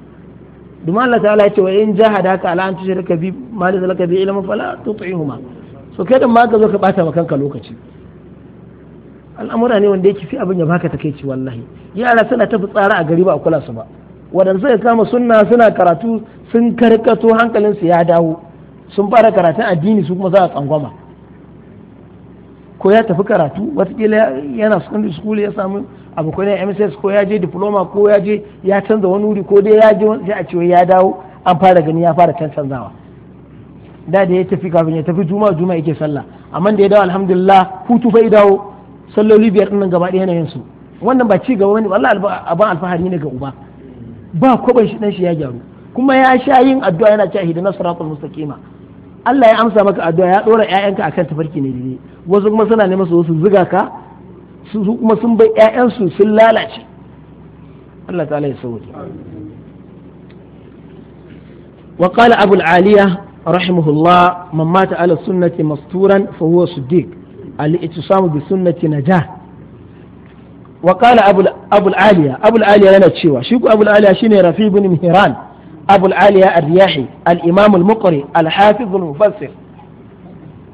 domin Allah ta'ala ya ce wa in jaha da haka ala'antar shirka bi ma zalaka bi ilimin fala ma so kai da ma ka zo ka bata wa kanka lokaci al'amura ne wanda yake fi abin ya baka takeici wallahi yara suna tafi tsara a gari ba a kula su ba wadanda suka kama sunna suna karatu sun karkato su ya dawo sun fara karatun addini su kuma za a tsangwama ko ya tafi karatu watakila yana secondary school ya samu abu ko ne MSS ko ya je diploma ko ya je ya canza wani wuri ko dai ya je sai a cewa ya dawo an fara gani ya fara canzawa da da ya tafi kafin ya tafi juma'a juma'a yake sallah amma da ya dawo alhamdulillah hutu fa dawo salloli biyar ɗin nan gaba ɗaya yanayin su wannan ba ci gaba bane wallahi abin alfahari ne ga uba ba kwaban shi dan shi ya gyaru kuma ya sha yin addu'a yana cewa hidina siratal mustaqima Allah ya amsa maka addu'a ya dora ƴaƴanka akan tafarki ne dai wasu kuma suna neman su zuga ka su kuma sun bai 'ya'yansu sun lalace Allah ta'ala ya sauke وقال أبو العالية رحمه الله من مات على السنة مستورا فهو صديق al-ittisamu bi najah wa qala abul aliya abul aliya yana cewa shi ku shine rafi ibn mihran abul aliya ar-riyahi al-imam al-muqri al-hafiz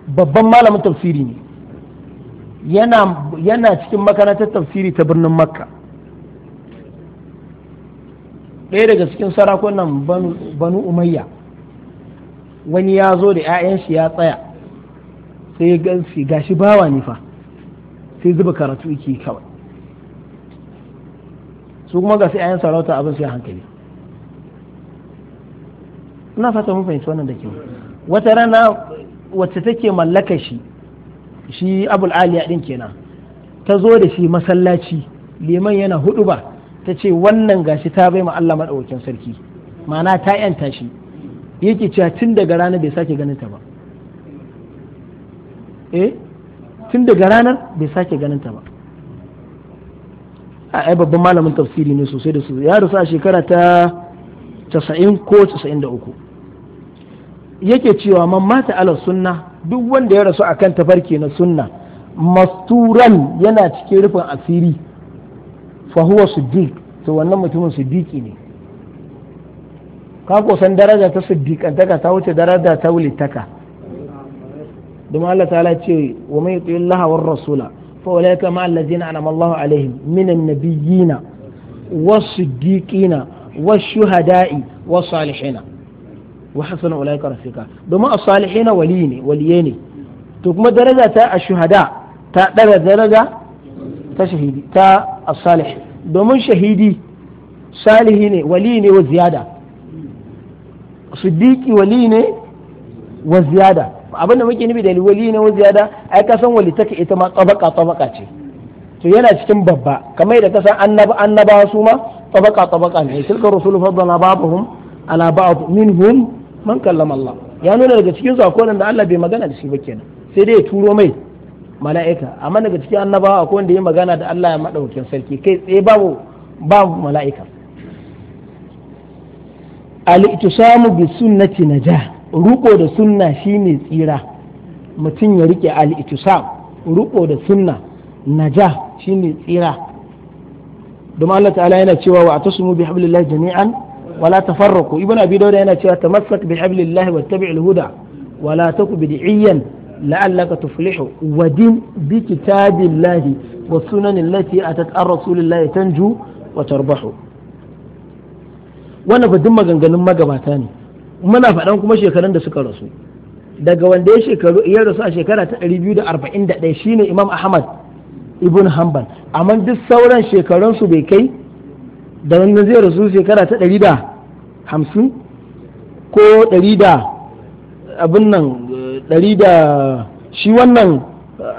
babban malamin tafsiri ne yana cikin makarantar tafsiri ta birnin makka ɗaya daga cikin sarakunan banu umayya wani ya zo da 'ya'yan shi ya tsaya sai ya gansu gashi bawa ne fa sai zuba karatu yake kawai su kuma ga sai ayan sarauta abin sai hankali ina fata mun fahimci wannan da kyau wata rana wacce take mallaka shi shi abul aliya din kenan ta zo da shi masallaci liman yana hudu ba ta ce wannan gashi ta bai ma Allah madaukakin sarki ma'ana ta yanta shi yake cewa tun daga rana bai sake ganin ta ba eh tun daga ranar bai sake ganin ta ba a ai babban malamin tafsiri ne sosai da su ya rasu a shekara ta casa'in ko da 93 yake cewa man mata ala sunna duk wanda ya rasu a kan tafarki na sunna masturan yana cikin rufin asiri fa huwa siddiq to wannan mutumin siddiqi ne ka san daraja ta siddiqantaka ta wuce daraja ta wulitaka domin Allah ta'ala war rasula fa ulaika ma allazina an'ama Allahu alaihim minan nabiyyina was-siddiqina wash-shuhada'i was-salihina wa hasuna ulaika rafika domin as-salihina wali ne kuma daraja ta ash-shuhada ta ta salih shahidi wali wali abin da muke nufi da wali na waziyada ai ka san wali take ita ma tsabaka tsabaka ce to yana cikin babba kamar da ka san annaba annaba su ma tsabaka tsabaka ne tilka rusulu faddala babuhum ala ba'd minhum man kallama Allah ya nuna daga cikin su akwai da Allah bai magana da shi ba kenan sai dai ya turo mai mala'ika amma daga cikin annabawa akwai wanda ya magana da Allah ya madaukakin sarki kai tsaye babu babu mala'ika al-ittisamu bi sunnati najah ruko da sunna shine tsira mutum ya rike al-itisam ruko da sunna naja shine tsira domin Allah ta'ala yana cewa wa atasmu bi hablillahi jami'an wala tafarraqu ibn abi dawud yana cewa tamassak bi hablillahi wattabi'il huda wala taku bid'iyan la'allaka tuflihu wadin bi kitabillahi wa sunanillahi atat ar-rasulillahi tanju wa tarbahu wannan fa duk maganganun magabata ne muna faɗan kuma shekarun da suka rasu daga wanda ya shekaru ya rasu a shekara ta 241 shine Imam Ahmad ibn Hanbal amma duk sauran shekarun su bai kai da wanda zai rasu shekara ta 150 ko 100 da abin nan 100 da shi wannan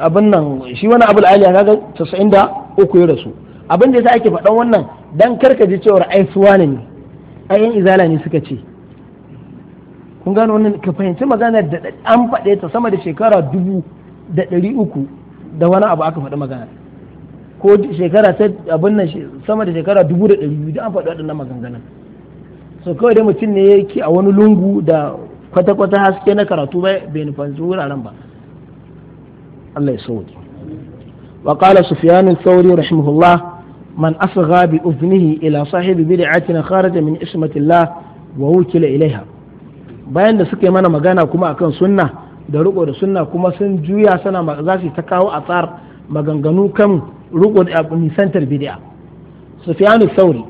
abin nan shi wannan abul aliya kaga 93 ya rasu abin da yasa ake faɗan wannan dan karka ji cewa ai suwane ne ai yan izala ne suka ce kun gano wannan ka fahimci magana da an faɗe ta sama da shekara dubu da ɗari uku da wani abu aka faɗi magana ko shekara ta abin nan sama da shekara dubu da ɗari biyu an faɗi waɗannan maganganun so kawai dai mutum ne yake a wani lungu da kwata-kwata haske na karatu bai nufanci wuraren ba Allah ya sauke وقال سفيان rahimahullah man الله bi أصغى ila sahibi صاحب بدعة خارج من اسمة wa wukila ilaiha. bayan da suka yi mana magana kuma akan sunna da riko da sunna kuma sun juya sana za su ta kawo a tsar maganganu kan riko da nisantar bid'a sufyanu sauri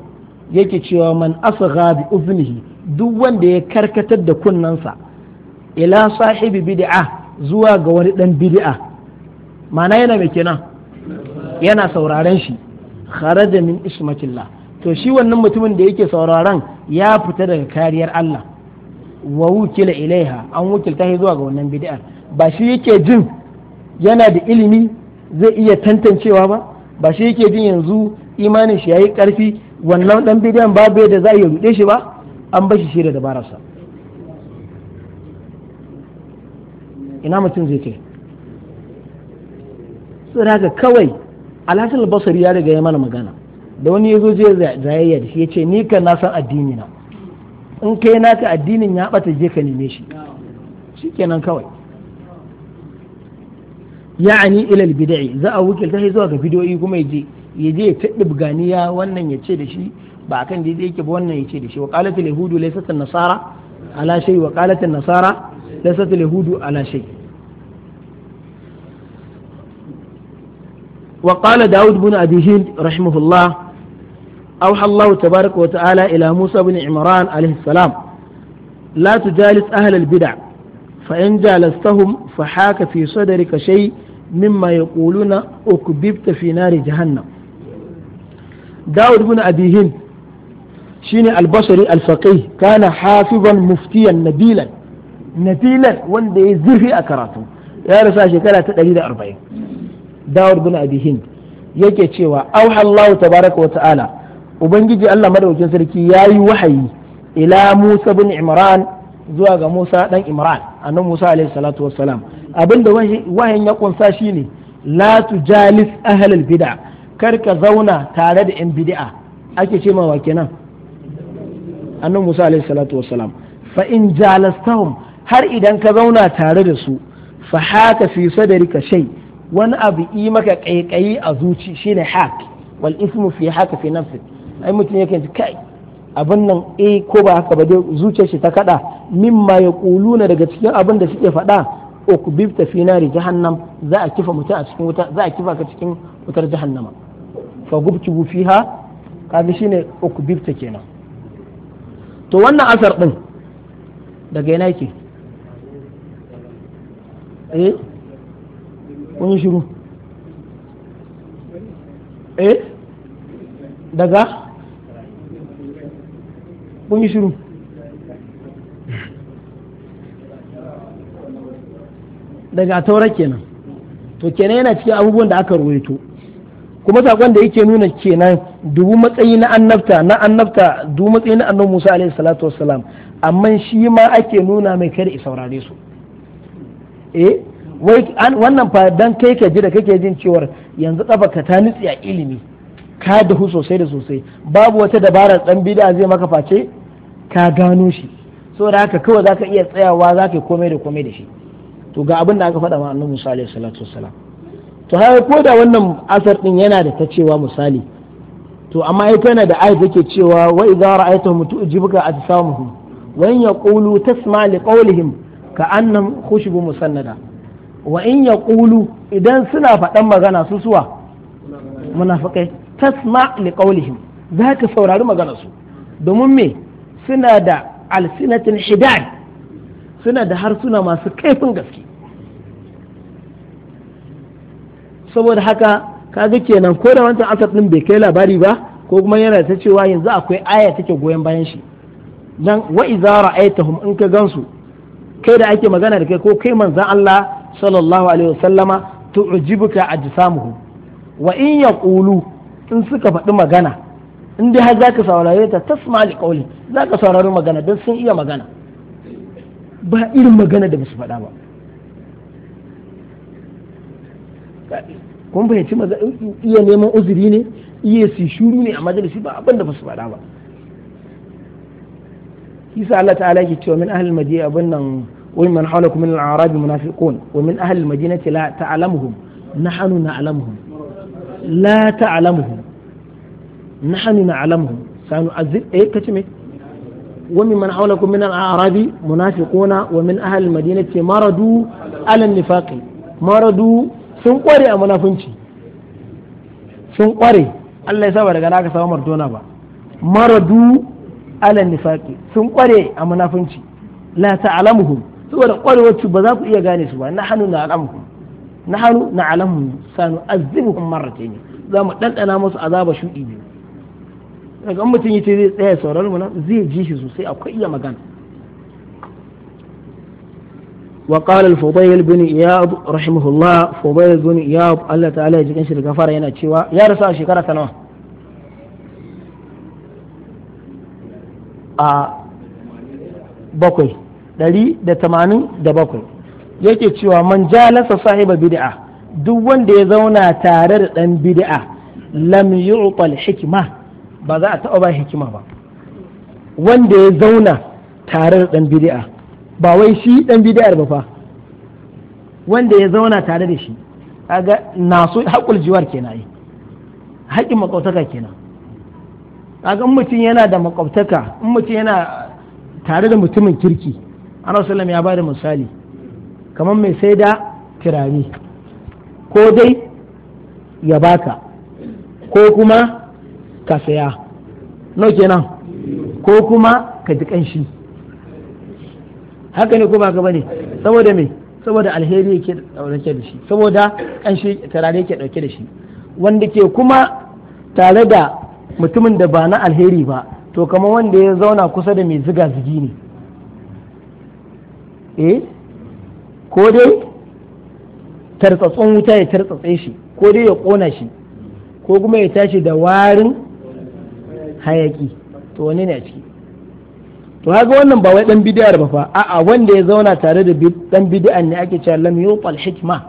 yake cewa man asgha bi uznihi duk wanda ya karkatar da kunnansa ila sahibi bid'a zuwa ga wani dan bid'a Mana yana mai kenan yana sauraren shi kharaja min ismatillah to shi wannan mutumin da yake sauraron ya fita daga kariyar Allah wa wukila ilaiha an wukilta shi zuwa ga wannan bid'ar ba shi yake jin yana da ilimi zai iya tantancewa ba ba shi yake jin yanzu imanin shi yayi karfi wannan dan bidiyan babu yadda za ya iya rude shi ba an bashi shi da dabararsa ina mutum zai ce tsiraga kawai alhassan basari ya riga ya mana magana da wani ya zo je zayayya da shi ya ce ni kan na san addini na in kai naka addinin ya bata je ka neme shi shikenan kawai ya'ani ilal bid'i za a wukilta ta zuwa ga bidoyi kuma yaje yaje ya taɗi ganiya wannan ya ce da shi ba kan da yake ba wannan ya ce da shi wa qalat al yahudu laysat an nasara ala shay wa qalat an nasara laysat al yahudu ala shay wa qala daud bin abi hind rahimahullah أوحى الله تبارك وتعالى إلى موسى بن عمران عليه السلام لا تجالس أهل البدع فإن جالستهم فحاك في صدرك شيء مما يقولون أكببت في نار جهنم داود بن أبي هند شيني البصري الفقيه كان حافظا مفتيا نبيلا نبيلا wanda ya zurfi a karatu ya rasa shekara ta 140 dawud bin abi hind yake cewa auha Allah tabaraka wa ta'ala ubangiji Allah madaukin sarki yayi wahayi ila Musa bin Imran zuwa ga Musa dan Imran annabi Musa alaihi salatu wassalam abinda wahayin ya kunsa shine la tujalis ahlal bid'a kar ka zauna tare da yan bid'a ake ce wa kenan annabi Musa alaihi salatu wassalam fa in jalastahum har idan ka zauna tare da su fa haka fi sadrika shay wani abu yi maka kaikayi a zuci shine hak wal ismu fi haka fi nafsika ai mutum yake ji kai abin nan eh ko ba haka ba zuciyar shi ta kada mimma ya kuluna daga cikin abin da suke faɗa ukbibta fi nari jahannam za a kifa mutum a cikin wuta za a kifa ka cikin wutar jahannama fa gubtu fiha kaga shine ta kenan to wannan asar din daga yana yake eh kun shiru eh daga kun shiru daga taurar kenan to kenan yana cikin abubuwan da aka ruwaito kuma sakon da yake nuna kenan dubu matsayi na annabta na annabta dubu matsayi na annabta Musa alaihi salatu wassalam amma shi ma ake nuna mai kada i saurare su eh wai wannan fa dan kai ka ji da kake jin cewa yanzu kafa ka ta nutse a ilimi ka dahu sosai da sosai babu wata dabarar dan bid'a zai maka face ka gano shi so da haka kawai zaka iya tsayawa zaka komai da komai da shi to ga abin da aka faɗa ma annabi sallallahu alaihi wasallam to haka ko da wannan asar din yana da ta cewa misali to amma ai kana da ayat yake cewa wa idza ra'aytahum tu'jibuka atsamuhum wa in yaqulu tasma' ka annam khushbu musannada wa in yaqulu idan suna faɗan magana su suwa munafiqai tasma li qawlihim za ka saurari maganarsu domin me suna da alsinatin hidad suna da harsuna masu kaifin gaske saboda haka kaga kenan ko da wancan asar din bai kai labari ba ko kuma yana ta cewa yanzu akwai aya take goyon bayan shi dan wa idza ra'aytahum in ka gansu kai da ake magana da kai ko kai manzon Allah sallallahu alaihi wasallama tu'jibuka ajsamuhum wa in yaqulu in suka faɗi magana in dai har zaka saurare ta tasma li za ka saurari magana don sun iya magana ba irin magana da basu faɗa ba kun fahimci iya neman uzuri ne iya su shuru ne a majalisi ba abin da basu faɗa ba kisa Allah ta'ala yake cewa min ahlul madina abin nan wa man kuma min al-a'rab munafiqun wa min ahlil madinati na ta'lamuhum nahnu na'lamuhum la ta'lamuhu nahnu na'lamuhu sanu azib eh kace me ومن من حولكم من الأعراب منافقون ومن أهل المدينة مرضوا على النفاق مرضوا sun ƙware a munafunci sun ƙware Allah ya sa ba daga naka samu mardona ba maradu ala nifaqi sun ƙware a munafunci la ta'lamuhum saboda kwarewar ba za ku iya gane su ba na hannu na alamuhum na na نحن نعلم سنؤذبهم مرتين za mu ɗanɗana musu azaba shuɗi biyu daga an mutum yace zai tsaya sauran mana zai ji shi sosai akwai iya magana wa qala al fudayl bin iyad rahimahullah fudayl bin iyad Allah ta'ala ya jikin shi fara yana cewa ya rasa shekara ta nawa a bakwai ɗari da tamanin da bakwai yake cewa man jalasa sahiba bid'a duk wanda ya zauna tare da dan bid'a lam yu'tal hikma ba za a taɓa ba hikima ba wanda ya zauna tare da dan bid'a ba wai shi dan bid'ar ba fa wanda ya zauna tare da shi kaga naso haƙul jiwar kenan ai haƙin makautaka kenan kaga mutum yana da makautaka in mutum yana tare da mutumin kirki ana sallam ya bada misali kamar mai sai da turare ko dai ya baka ko kuma ka saya no kenan ko kuma ka ji kanshi haka ne ko ba ka bane saboda me saboda alheri yake dauke da shi saboda kanshi turare yake dauke da shi wanda ke kuma tare da mutumin da ba na alheri ba to kamar wanda ya zauna kusa da mai ziga zigi ne eh ko dai tartsatsun wuta ya tartsatse shi ko dai ya kona shi ko kuma ya tashi da warin hayaki to wani ne a ciki to haka wannan ba wai dan bid'ar ba fa a'a wanda ya zauna tare da dan bid'an ne ake cewa lam yuqal hikma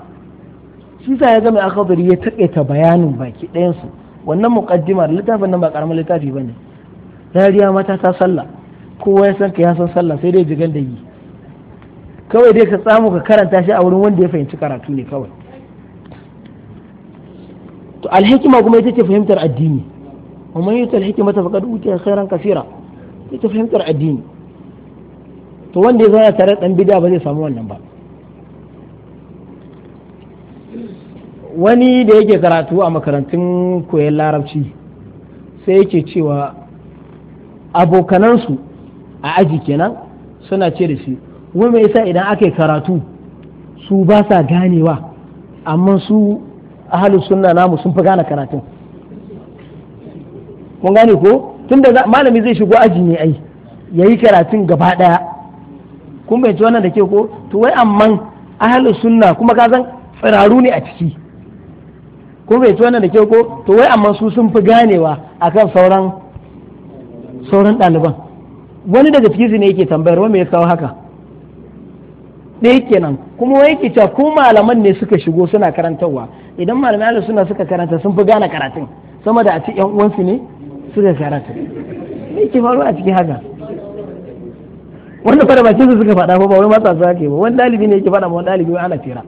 shi sa ya zama mai ya ya taƙaita bayanin baki ɗayan su wannan muqaddimar littafin nan ba karamin littafi bane dariya mata ta sallah kowa ya san ka ya san sallah sai dai jigan da yi kawai dai ka samu ka karanta shi a wurin wanda ya fahimci karatu ne kawai to alhikima kuma ita ce fahimtar addini wa alhikima yuta alhikimata faqad utiya sauran kaseera ita fahimtar addini to wanda ya zauna tare ɗan bid'a ba zai samu wannan ba wani da yake karatu a makarantun koyon larabci sai yake cewa abokanansu a aji kenan suna ce da shi wai mai yasa idan aka karatu su ba sa ganewa amma su ahalus sunna namu sun fi gane karatun kun gane ko tunda malami zai shigo aji ne ai yayi karatun gaba daya kun bai wannan da ke ko to wai amman ahalus sunna kuma ka san firaru ne a ciki kun bai wannan da ke ko to wai amma su sun fi ganewa akan sauran sauran ɗaliban wani daga cikin ne yake tambayar wa me ya kawo haka ɗaya kenan kuma wai yake cewa ko malaman ne suka shigo suna karantarwa idan malamai Allah suna suka karanta sun fi gane karatun sama da a ci yan uwansu ne suka karanta me yake faru a cikin haka wanda fara ba su suka faɗa ba wai matsa su ke ba wani ɗalibi ne yake faɗa ba wani ɗalibi wai ana fira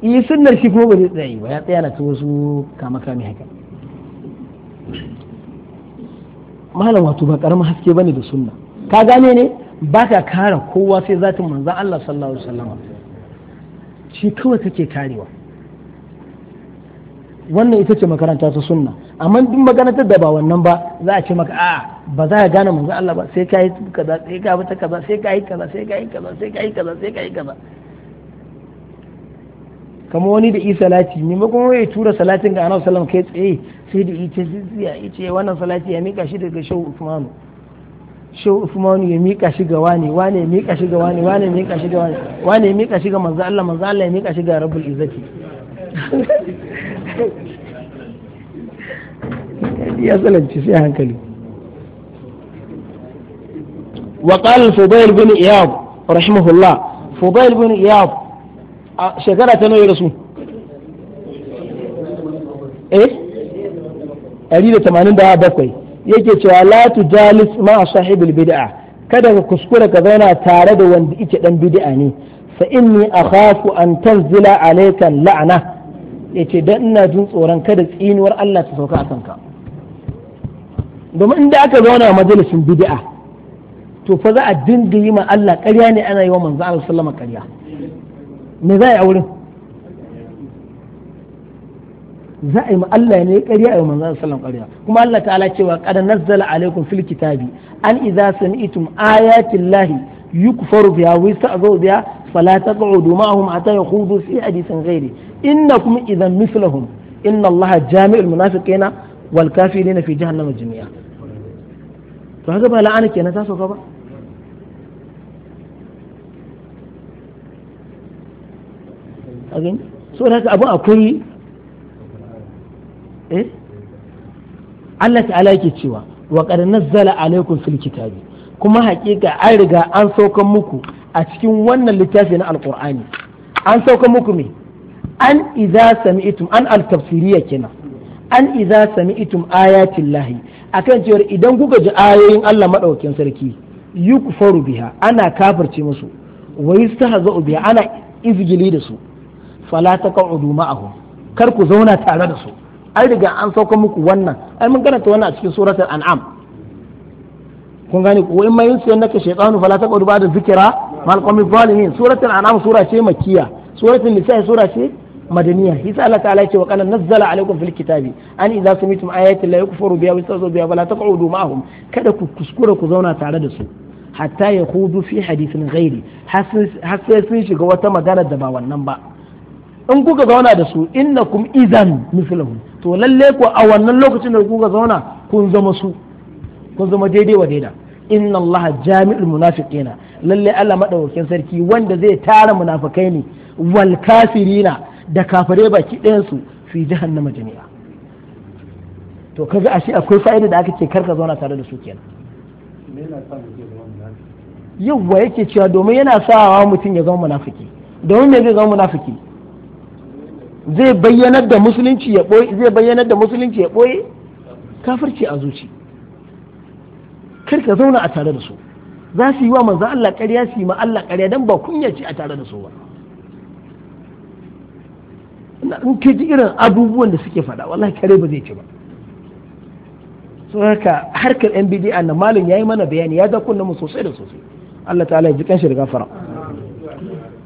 yi sunnar shi kuma ba zai tsaye ba ya tsaya na wasu kama kame haka malam wato ba ƙaramin haske bane da sunna ka gane ne ba ta kare kowa sai zatin manzan Allah sallallahu alaihi wasallam shi kawai take karewa wannan ita ce makaranta ta sunna amma duk makarantar da ba wannan ba za a ce maka a ba za ka gane manzan Allah ba sai ka yi kaza sai ka yi kaza sai ka yi kaza sai ka yi kaza sai ka yi kaza sai ka yi kaza kamar wani da isa salati ne ma kuma ya tura salatin ga annabi sallallahu alaihi wasallam kai tsaye sai da ita sai ya ce wannan salati ya mika shi daga shehu Usmanu shehu Usman ya mika shi ga wani wani ya mika shi ga wani wani ya mika shi ga wani wani ya mika shi ga manzo Allah manzo Allah ya mika shi ga rabbul izzati [laughs] ya zalunci sai hankali wa qala fudail bin iyab rahimahullah fudail bin iyab shekara ta nawa rasu eh 187 yake cewa la Jalis, ma sahibul bid'a kada ka kuskura ka zauna tare da wanda yake dan bid'a ne fa inni akhafu an tanzila alayka la'na yace dan ina jin tsoron kada tsinuwar Allah ta sauka a kanka domin inda aka zauna majalisin bid'a to fa za a dinga yi ma Allah ƙarya ne ana yi wa manzo Allah sallama ƙarya me za a yi a wurin za a yi ma Allah ne ƙarya a yi manzon sallam ƙarya kuma Allah ta'ala cewa qad nazzala alaikum fil kitabi an idza sami'tum ayati llahi yukfaru biha wa yasta'zu biha fala taq'udu ma'ahum hatta yakhudu fi hadithin ghairi innakum idhan mithlahum inna Allah jami'ul munafiqina wal kafirina fi jahannama jami'a to haka ba la'ana kenan ta sauka ba a so da haka abu akwai eh Allah ta'ala yake cewa wa qad nazzala alaikum fil kitabi kuma haƙiƙa an riga an saukan muku a cikin wannan littafi na alqur'ani an saukan muku me an idza sami'tum an al-tafsiriyya kenan an idza sami'tum ayatin akan cewa idan kuka ji ayoyin Allah madaukakin sarki yukfaru biha ana kafirce musu wa yastahza'u biha ana izgili da su fala taq'udu ma'ahum kar ku zauna tare da su an riga an sauka muku wannan ai mun ta wannan a cikin suratul an'am kun gane ko in mai yunsu naka shaytanu fala taqud ba'da zikra mal qawmi zalimin suratul an'am sura ce makkiya suratul nisa sura ce madaniya yasa Allah ta'ala ce wa kana nazzala alaikum fil kitabi an idza sumitum ayati la yukfaru biha wa yastazu biha fala taq'udu ma'ahum kada ku kuskura ku zauna tare da su hatta ya hudu fi hadisin ghairi har sai sun shiga wata magana da ba wannan ba in kuka zauna da su innakum idan mislahum to lalle ku a wannan lokacin da kuka zauna kun zama su kun zama daidai wa daida inna allaha jami'ul munafiqina lalle Allah madaukakin sarki wanda zai tara munafikai ne wal kafirina da kafare baki ɗayan su fi jahannama jami'a to kaga ashe akwai fa'ida da aka ce karka zauna tare da su kenan yawwa yake cewa domin yana sawa mutum ya zama munafiki domin me zai zama munafiki zai bayyanar da musulunci ya ɓoye zai bayyanar da musulunci ya ɓoye kafirci a zuci kar ka zauna a tare da su za su yi wa manzo Allah ƙarya su yi ma Allah ƙarya dan ba kunya ce a tare da su ba in ka ji irin abubuwan da suke faɗa wallahi kare ba zai ci ba sun haka harkar NBD a na malin yi mana bayani ya da kunna mu sosai da sosai Allah ta'ala ya ji kanshi da gafara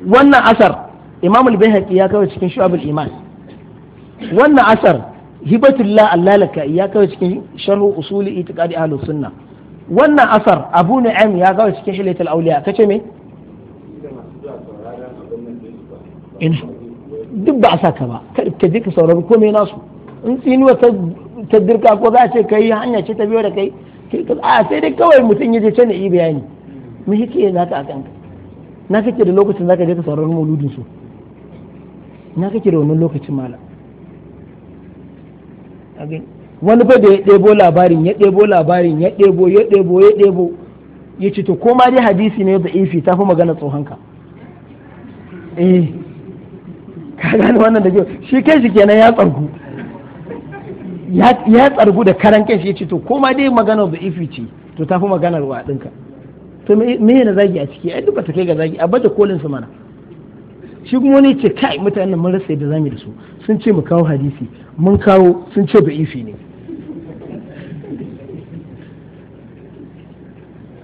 wannan asar imam al bayhaqi ya kawo cikin shu'abul iman wannan asar hibatullah allalaka ya kawo cikin sharhu usuli itiqadi ahlus sunna wannan asar abu nu'aym ya kawo cikin hilatul awliya kace me duk ba a saka ba ka je ka saurari komai nasu in tsinuwa ta dirka ko za a ce kai hanya ce ta biyo da kai a sai dai kawai mutum ya je can da yi bayani mu yake yin ka a kanka na kake da lokacin zaka je ka saurari mauludin su na kake da wannan lokacin malam wani fa da ya ɗebo labarin ya ɗebo labarin ya ɗebo ya ɗebo ya ɗebo ya ce to ko ma dai hadisi ne da ifi ta fi magana tsohonka eh ka gani wannan da kyau shi kai shi kenan ya tsargu ya tsargu da karan kai shi ya ce to ko ma dai magana da ifi ce to ta fi magana wa ɗinka to me ne zagi a ciki ai ba ta kai ga zagi a baje kolin su mana shi kuma wani ce kai mutane mun rasa yadda zamu da su sun ce mu kawo hadisi mun kawo sun ce da ifi ne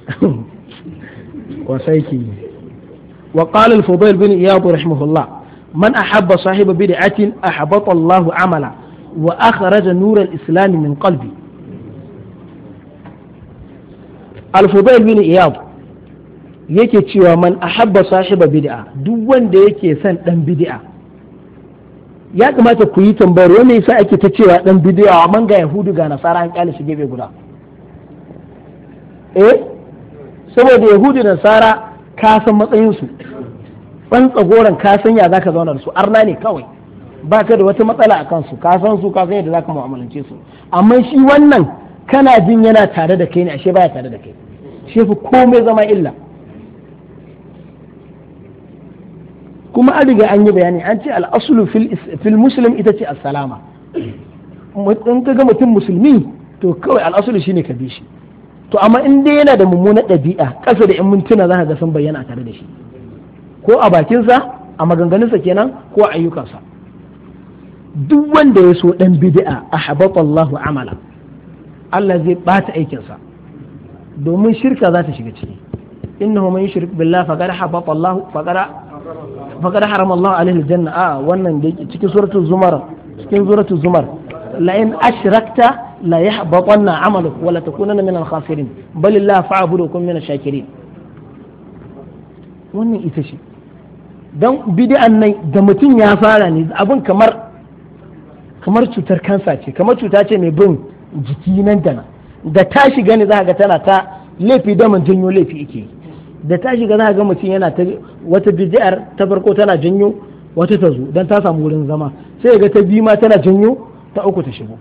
[laughs] wasaiki wa qala al-fudail bin iyad rahimahullah man ahabba sahiba bid'atin ahabata Allahu amala wa akhraja nur al-islam min qalbi al-fudail bin yake cewa man ahabba sahiba bid'a duk wanda yake son dan bid'a ya kamata ku yi tambayar wani yasa ake ta cewa dan bid'a man ga yahudu ga nasara an kyale shi gefe guda eh saboda yahudu da nasara ka san matsayin su ban tsagoran ka san ya zaka zauna da su arna ne kawai ba ka da wata matsala a kansu ka san su ka san yadda zaka mu'amalance su amma shi wannan kana jin yana tare da kai ne ashe baya tare da kai shefu komai zama illa kuma an riga an yi bayani an ce al'asulu fil muslim ita ce assalama in ka ga mutum musulmi to kawai al'asulu shine ka bi shi to amma in dai yana da mummuna ɗabi'a ƙasa da 'yan mintuna za ka ga sun bayyana tare da shi ko a bakinsa a maganganunsa kenan ko a ayyukansa duk wanda ya so ɗan bid'a a Allahu amala Allah zai bata aikinsa domin shirka za ta shiga ciki innahu man yushrik billahi faqad habata Allahu faqad faqad haramallahu alaihi janna a ah, wannan da cikin suratul zumar cikin suratul zumar la in ashrakta la yahbatanna amaluk wa la takunanna min al-khasirin bal illah fa'budu min ash-shakirin wannan ita ce dan bid'an nan da mutum ya fara ne abin kamar kamar cutar kansa ce kamar cuta ce mai bin jiki nan da nan da ta shiga ne za ga tana ta laifi da janyo laifi yake da ta shiga za ga mutum yana wata bid'ar ta farko tana janyo wata ta zo dan ta samu wurin zama sai ga ta biyu ma tana janyo ta uku ta shigo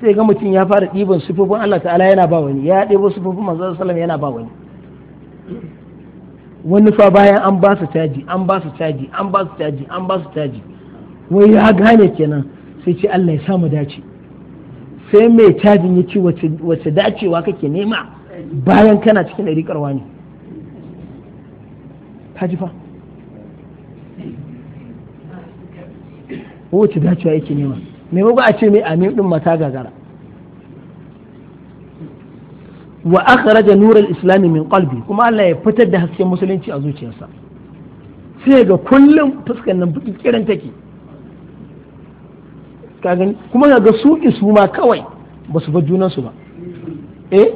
sai ga mutum ya fara ɗiban sufofin Allah ta'ala yana ba wani ya ɗebo sufofin manzo sallam yana ba wani wani fa bayan an ba su caji an ba su caji an ba su caji an ba su caji wai ya gane kenan sai ce Allah ya samu dace sai mai cajin ya ce wace dacewa kake nema bayan kana cikin ɗari ne kaji fa dacewa yake nema ba a ce mai amin din mata gagara wa aka raja nurar islami min qalbi kuma Allah ya fitar da hasken musulunci a zuciyarsa sai ga kullum fuskar nan kiran take kuma ga su isu ma kawai ba su bar junansu ba eh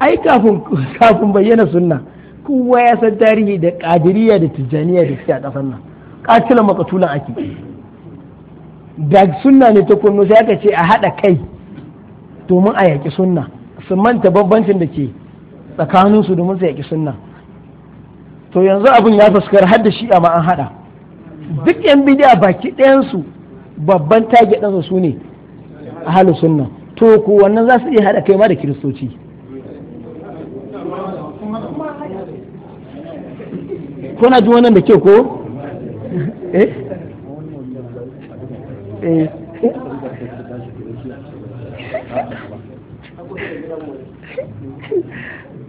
ai kafin kafin bayyana sunna kowa ya san tarihi da kadiriya da tijjaniya da suke a ƙasar nan katilan makatulan ake da sunna ne ta kunno sai aka ce a haɗa kai domin a yaƙi sunna su manta bambancin da ke tsakaninsu domin su yaƙi sunna to yanzu abin ya fuskar har da shi a an haɗa duk yan bidiya baki ɗayansu babban tage ɗansa su ne a halin sunna to ku wannan za su iya haɗa kai ma da kiristoci ko na ji wannan da ke ko eh? Eh.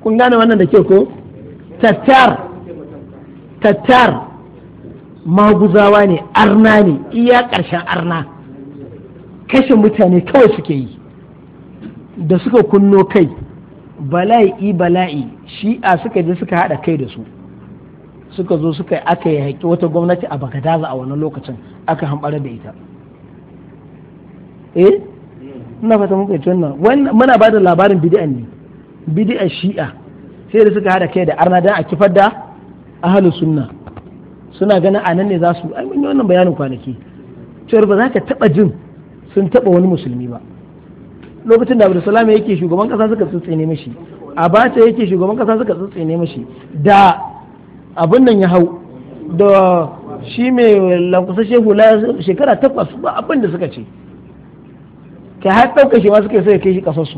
kun gane wannan da ke ko tattar tattar maguzawa ne arna ne iya ƙarshen arna kashe mutane kawai suke yi da suka kunno kai bala'i bala'i shi'a suka je suka haɗa kai da su suka zo suka aka yi haƙi wata gwamnati a bagadaza a wani lokacin aka hambara da ita eh ina fata muka yi wannan muna ba da labarin bid'a ne Bidi'an shi'a sai da suka hada kai da arna dan a kifar da ahalu sunna suna ganin a nan ne za su ai mun wannan bayanin kwanaki cewar ba za ka taba jin sun taba wani musulmi ba lokacin da Abdulsalam yake shugaban kasa suka tsintsine mishi Abacha yake shugaban kasa suka ne mishi da abin nan ya hau da shi mai shehu hula shekara takwas ba abin da suka ce ka har ɗaukar shi ma suke sai kai shi ƙasarsu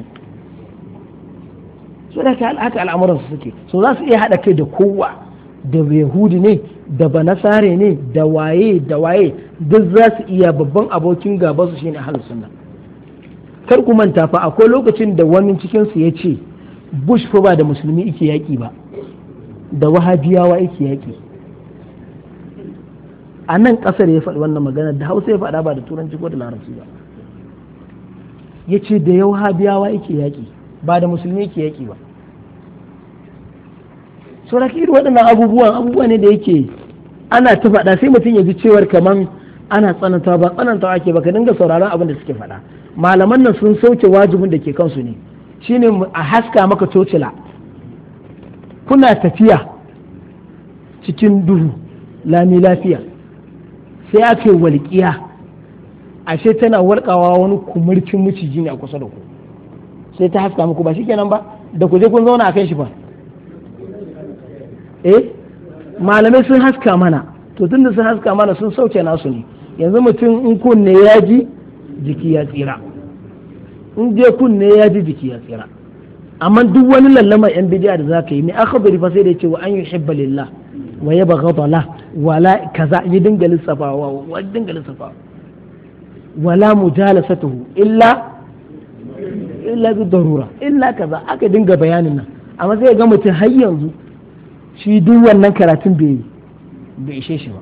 su da haka su suke so za su iya haɗa kai da kowa da yahudi ne da banasare ne da waye da waye duk za su iya babban abokin gaba su shine ahlus sunna kar ku manta fa akwai lokacin da wani cikinsu ya ce bush fa ba da musulmi yake yaki ba da wahabiyawa yake yaƙi a nan ƙasar ya faɗi wannan magana da hausa ya faɗa ba da turanci ko da larabci ba ya ce da ya wahabiyawa yake yaƙi ba da musulmi yake yaƙi ba sauraki irin waɗannan abubuwan abubuwa ne da yake ana ta faɗa sai mutum ya ji cewar kamar ana tsananta ba tsananta ake ba ka dinga sauraron abin da suke faɗa malaman nan sun sauke wajibin da ke kansu ne shine a haska maka cocila. kuna tafiya cikin duhu lami lafiya sai ake walƙiya ashe tana walƙawa wani kumurcin maciji ne a kusa da ku sai ta haska muku ba shi kenan ba da ku je kun zauna a kan shi ba eh malamai sun haska mana to tunda sun haska mana sun sauke nasu ne yanzu mutum in kunne ya ji jiki ya tsira in je kunne ya ji jiki ya tsira amma duk wani lallama yan bidiya da zaka yi mai akhbari fa sai da yace wa an yuhibba lillah wa yabghadha la wala kaza yi dinga lissafawa wa dinga lissafawa wala mujalasatuhu illa illa bi darura illa kaza aka dinga bayanin nan amma sai ga mutum har yanzu shi duk wannan karatun bai bai ishe shi ba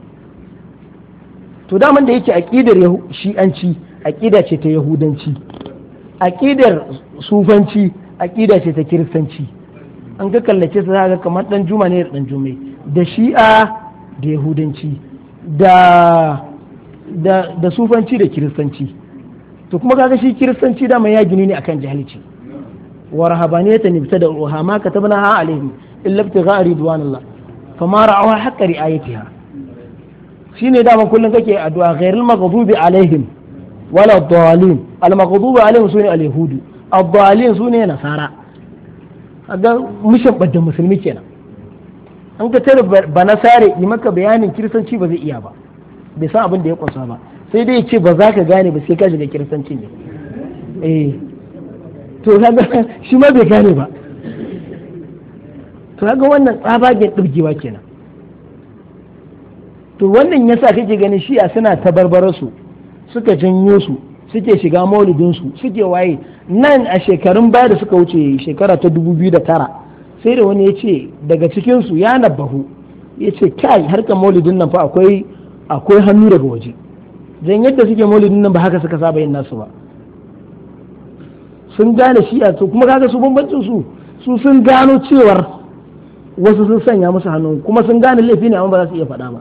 to daman da yake aqidar shi'anci aqida ce ta yahudanci aqidar sufanci aƙida ce ta kiristanci an ga kallace su za ga kamar dan juma ne dan jume da shi'a da yahudanci da da da sufanci da kiristanci to kuma kaga shi kiristanci da ya gini ne akan jahilci wa rahabaniyatan ibtada ruha ma katabna ha alaihim illa ibtigha ridwanillah fama ra'awa haqqa ri'ayatiha shine dama kullun kake addu'a ghairil maghdubi alaihim wala dhalin al maghdubi alaihim sune al yahudu abbalin su ne nasara ga mushin badda musulmi kenan an ka tare ba nasare yi maka bayanin kiristanci ba zai iya ba bai san abin da ya kwasa ba sai dai ce ba za ka gane ba sai ka shiga kiristanci ne eh to kaga [laughs] shi ma bai gane ba to kaga wannan tsabagen dirgewa kenan to wannan yasa kake ganin a suna tabarbarar su suka janyo su suke shiga maulidinsu suke waye nan a shekarun baya da suka wuce shekara ta da 2009 sai da wani ya ce daga cikinsu ya nabahu ya ce kai harkar maulidin nan fa akwai akwai hannu daga waje zan yadda suke maulidin nan ba haka suka saba yin nasu ba sun gane shi a kuma kaga su bambancin su su sun gano cewar wasu sun sanya musu hannu kuma sun gane laifi ne amma ba za su iya faɗa ba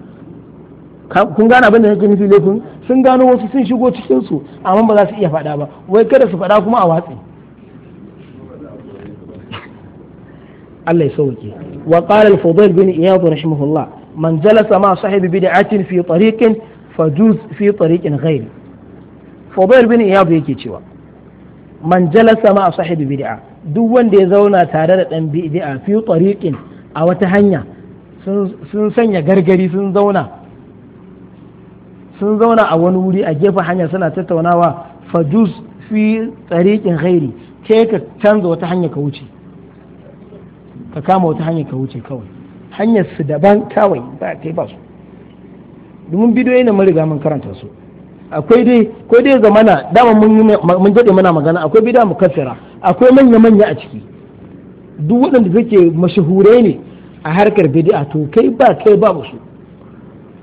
kun gane abin da nake nufi laifin sun gano wasu sun shigo cikin su amma ba za su iya faɗa ba wai kada su faɗa kuma a watsi Allah ya sauke wa qala al-fudail bin iyad rahimahullah man jalasa ma sahibi bid'atin fi tariqin fajuz fi tariqin ghairi fudail bin iyad yake cewa man jalasa ma sahibi bid'a duk wanda ya zauna tare da dan bid'a fi tariqin a wata hanya sun sanya gargari sun zauna sun zauna a wani wuri a gefen hanya suna tattaunawa fajus fi tsariƙin ghairi ke ka canza wata hanya ka wuce ka kama wata hanya ka wuce kawai hanyar su daban kawai ba ta ba su domin bidiyoyi na mariga mun karanta su akwai dai ko dai zamana dama mun jade mana magana akwai mu kasira akwai manya manya a ciki duk waɗanda suke mashahurai ne a harkar bid'a to kai ba kai ba su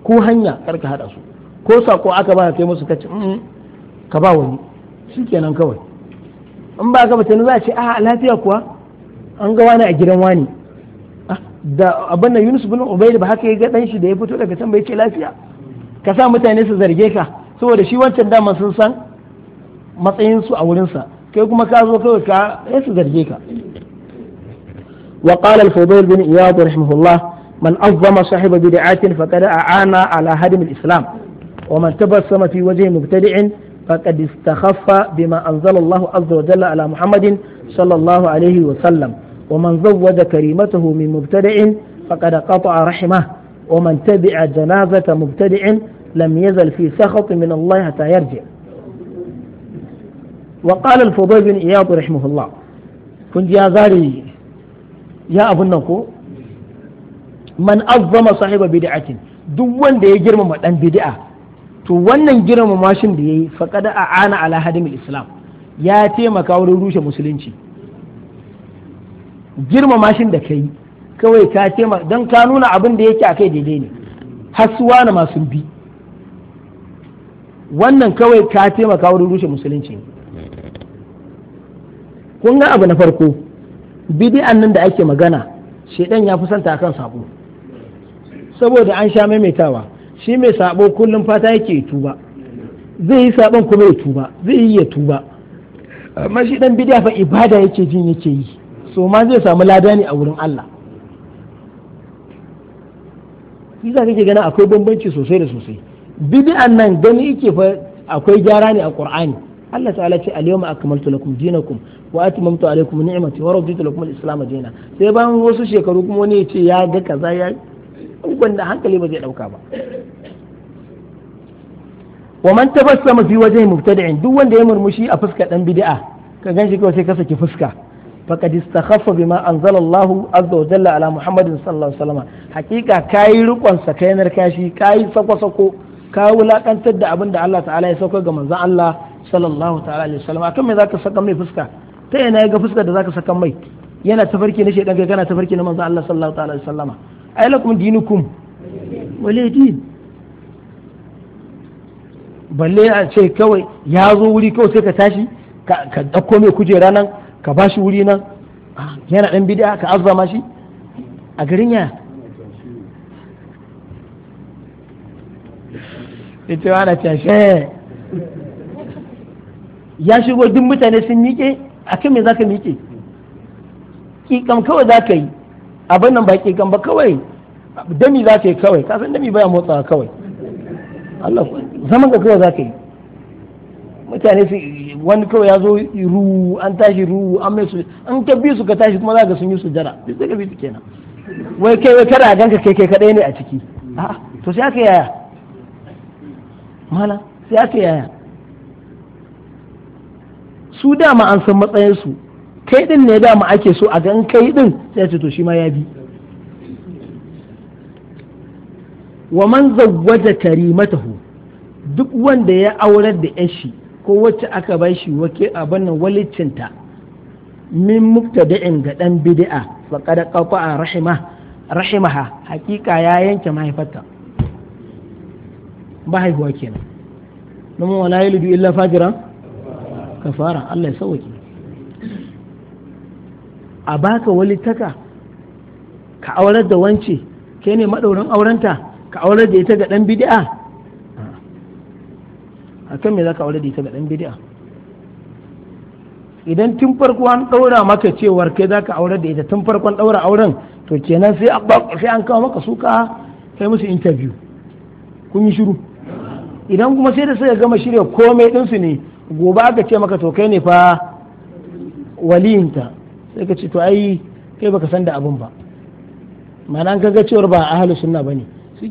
ko hanya karka hada su ko sako aka ba kai musu kace mm, ka ba wani shikenan kawai in ba ka mutane za a ce a lafiya kuwa an ga wani a gidan wani ah, da abin da Yunus bin Ubayd ba haka ya ga dan shi da ya fito daga can bai ce lafiya ka sa mutane su zarge ka saboda shi wancan daman sun san matsayin su a wurin sa kai kuma ka zo kawai ka sai su zarge ka wa qala al-fudayl bin iyad rahimahullah man azzama sahiba bid'atin faqad a'ana ala hadim al-islam ومن تبسم في وجه مبتدع فقد استخف بما أنزل الله عز وجل على محمد صلى الله عليه وسلم ومن زود كريمته من مبتدع فقد قطع رحمه ومن تبع جنازة مبتدع لم يزل في سخط من الله حتى يرجع وقال الفضيل بن إياد رحمه الله كنت يا زاري يا أبو النكو man azzama sahiba bid'atin duk wanda ya girmama dan bid'a to wannan girma mashin da yayi a a'ana ala hadimul islam ya taimaka wurin rushe musulunci girma mashin da kai kawai ka taimaka dan ka nuna abin da yake kai daidai ne hasuwa na masu bi wannan kawai ka taimaka wurin rushe musulunci kun ga abu na farko bidi'an nan da ake magana shedan ya fi santa akan sabo saboda an sha maimaitawa shi mai sabo kullum fata yake tuba zai yi sabon kuma ya tuba zai yi ya tuba amma shi dan bidiya fa ibada yake jin yake yi so ma zai samu lada ne a wurin Allah shi za kake gana akwai bambanci sosai da sosai bid'an nan gani yake fa akwai gyara ne a Qur'ani Allah ta'ala ce al-yawma akmaltu lakum dinakum wa atmamtu alaykum ni'mati wa raditu lakum al-islam dinan sai bayan wasu shekaru kuma wani ya ce ya ga kaza ya wanda hankali ba zai ɗauka ba wa man tabassama fi wajhi mubtadi'in duk wanda ya murmushi a fuskar dan bid'a ka ganshi kawai sai ka saki fuska faqad istakhaffa bima anzalallahu azza wa jalla ala muhammadin sallallahu alaihi wasallam hakika kai rukon sa kai narkashi kai sako sako ka wulakantar da abin da Allah ta'ala ya sauka ga manzon Allah sallallahu ta'ala alaihi wasallam akan me zaka saka mai fuska ta yana ga fuskar da zaka saka mai yana tafarki na shedan kai kana tafarki na manzon Allah sallallahu ta'ala alaihi wasallama ailakun dinukun wale wali din balle a ce kawai ya zo wuri kawai sai ka tashi ka ɗauko mai kujera nan ka ba shi wuri nan ah, yana ɗan bid'a ka azba ma shi a garin ya ita ana cashe ya shigo duk mutane sun miƙe a kan me za ka miƙe ƙiƙam kawai za ka yi abin nan baki kan ba kawai dami za ka yi kawai ka san dami baya motsawa kawai Allah zaman ka kawai za ka yi mutane su wani kawai ya zo ru an tashi ru an mai su an ka bi su ka tashi kuma za ka sun yi sujjara duk sai ka bi su kenan wai kai wai kada a ganka kai kai kadai ne a ciki a to sai aka yaya mala sai aka yaya su dama an san matsayinsu kai din ne dama ake so a gan kai din sai ce to shi ma ya bi wa man zawwaja karimatahu duk wanda ya aurar da yashi ko wacce aka bai shi wake abin nan walicinta min muktada'in ga dan bid'a qad qata'a rahima rahimaha hakika ya yanke mahaifarta ba haihuwa kenan mun wala yalidu illa fajiran kafara Allah ya sauke a baka taka ka aurar da wance kai ne maɗaurin aurenta ka aurar da ita ga ɗan bidi'a a kan me za ka aurar da ita ga ɗan bidi'a idan tun farko an ɗaura maka cewar kai za ka aurar da ita tun farkon ɗaura auren to kenan sai an kawo maka suka kai musu interview kun yi shiru idan kuma sai da suka gama shirya komai ɗinsu ne gobe aka ce maka to kai ne fa waliyinta sai ka ce to ai kai baka san da abun ba ma'ana an kaga cewar ba ahalu sunna bane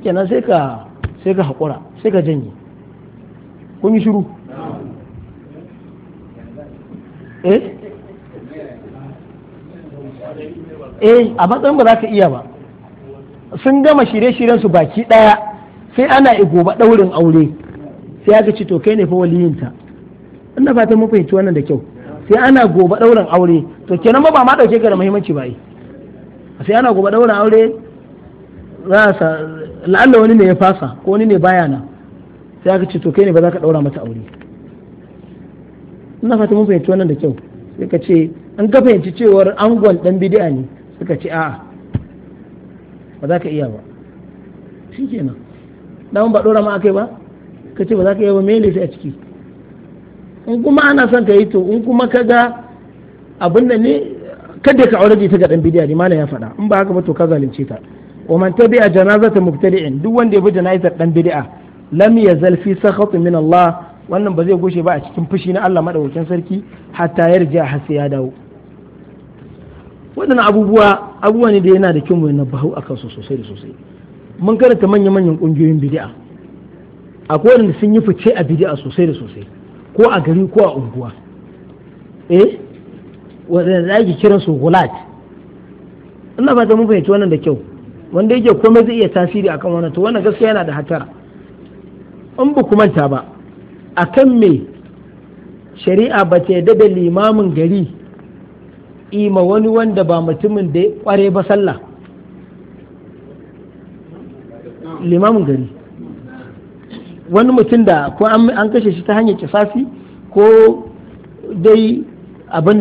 kenan sai ka sai ka hakura sai ka janye kun yi shiru eh eh a matsayin ba za ka iya ba sun gama shirye-shiryen su baki daya sai ana igoba daurin aure sai aka ce to kai ne fa waliyinta ina fatan mun fahimci wannan da kyau sai ana gobe ɗaurin aure to kenan ba ma ɗauke ka da muhimmanci ba yi sai ana gobe ɗaurin aure za a la'alla wani ne ya fasa ko wani ne baya na sai aka ce to kai ne ba za ka ɗaura mata aure ina fata mun fahimci wannan da kyau sai ka ce an ka fahimci cewar angon dan bidiya ne ka ce a'a ba za ka iya ba shi kenan daman ba ɗora ma akai ba ka ce ba za ka iya ba mele sai a ciki in kuma ana son ka yi to in kuma ka ga abin da ne kada ka aure da ita ga dan bidiya ne malam ya faɗa in ba haka ba to ka zalunce ta wa man tabi'a janazata mubtadi'in duk wanda ya bi janazar dan bidiya lam yazal fi sakhatin min Allah wannan ba zai goshe ba a cikin fushi na Allah madaukakin sarki hatta yarja har sai ya dawo waɗannan abubuwa abubuwa ne da yana da kyau na bahu akan su sosai da sosai mun karanta manya-manyan kungiyoyin bid'a akwai wanda sun yi fice a bidi'a sosai da sosai ko a gari ko a unguwa eh da ake kira su gulat ina ba mun fahimci wannan da kyau wanda yake komai zai iya tasiri akan wannan to wannan gaskiya yana da hatara in ba manta ba akan me shari'a ba ta yadda da limamin gari ima wani wanda ba mutumin da ya kware ba sallah limamin gari wani mutum da ko an kashe shi ta hanyar kisafi ko dai abin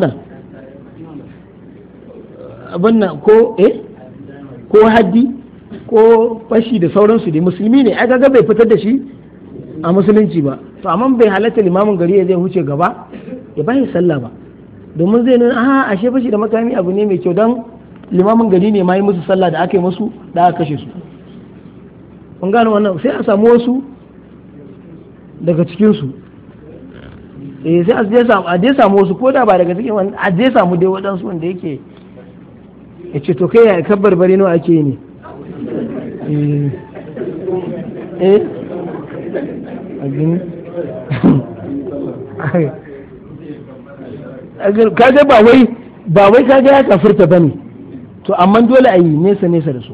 nan ko eh ko haddi ko fashi da sauransu da musulmi ne aka ga bai fitar da shi a musulunci ba to amma bai halatta limamin gari ya zai huce gaba ya bai sallah ba domin zai nuna a ashe fashi da makami abu ne mai kyau don limamin gari ne ma yi musu sallah da aka yi musu da aka kashe su kun gano wannan sai a samu wasu daga cikinsu eh sai a je samu wasu ko da ba daga cikin wani a je samu dai waɗansu wanda yake ya ce to kai ya kabbar bari nawa ake ne eh, eh. [laughs] kaga ba wai ba wai kaga ya kafirta bane to amma dole a yi nesa nesa da su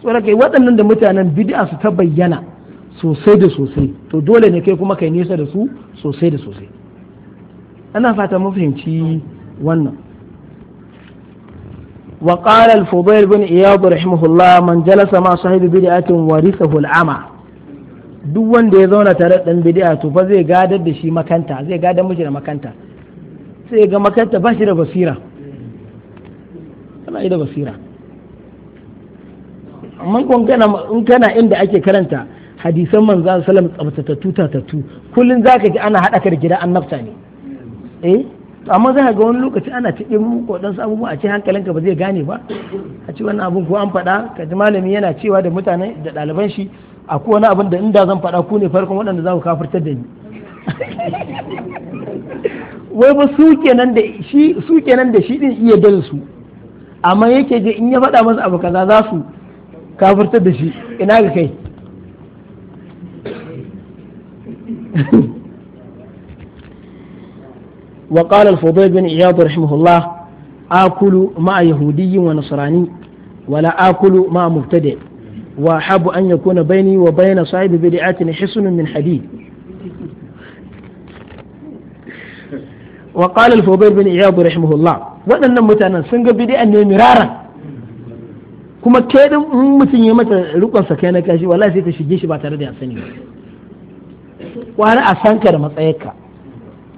tsoraka waɗannan da mutanen bid'a su ta bayyana sosai da sosai to dole ne kai kuma kai nesa da su sosai da sosai ana fata mun fahimci wannan al-fudayl bin iyad rahimahullah man jalasa ma sahibi bid'atin warithahu al-ama duk wanda ya zauna tare da bid'a to fa zai gadar da shi makanta zai gadar miji da makanta sai ga makanta ba shi da basira kana da basira amma in kana inda ake karanta hadisan manzo sallam tsabtatattu tatattu kullun zaka ji ana hada ka da gida annabta ne eh amma za ga wani lokaci ana ko dan waɗansu abubuwa a ce hankalinka ba zai gane ba a ce wannan abun ko an faɗa ka ji malami yana cewa da mutane da ɗaliban shi a ko wani abun da inda zan faɗa ku ne farkon waɗanda za ku kafirtar da ni [laughs] wai ba su kenan da shi su kenan da shi din iya dal su amma yake je in ya faɗa masa abu kaza za su kafirtar da shi ina ga kai وقال الفضيل بن عياض رحمه الله آكل مع يهودي ونصراني ولا آكل مع مبتدئ وأحب أن يكون بيني وبين صاحب بدعة حصن من حديد وقال الفضيل بن عياض رحمه الله وأن متانا سنغ بدعة مرارا kuma ke din mutum ya mata rukun sa kai na kashi wallahi sai ta shige shi ba tare da ya sani ba wani a sanka da matsayarka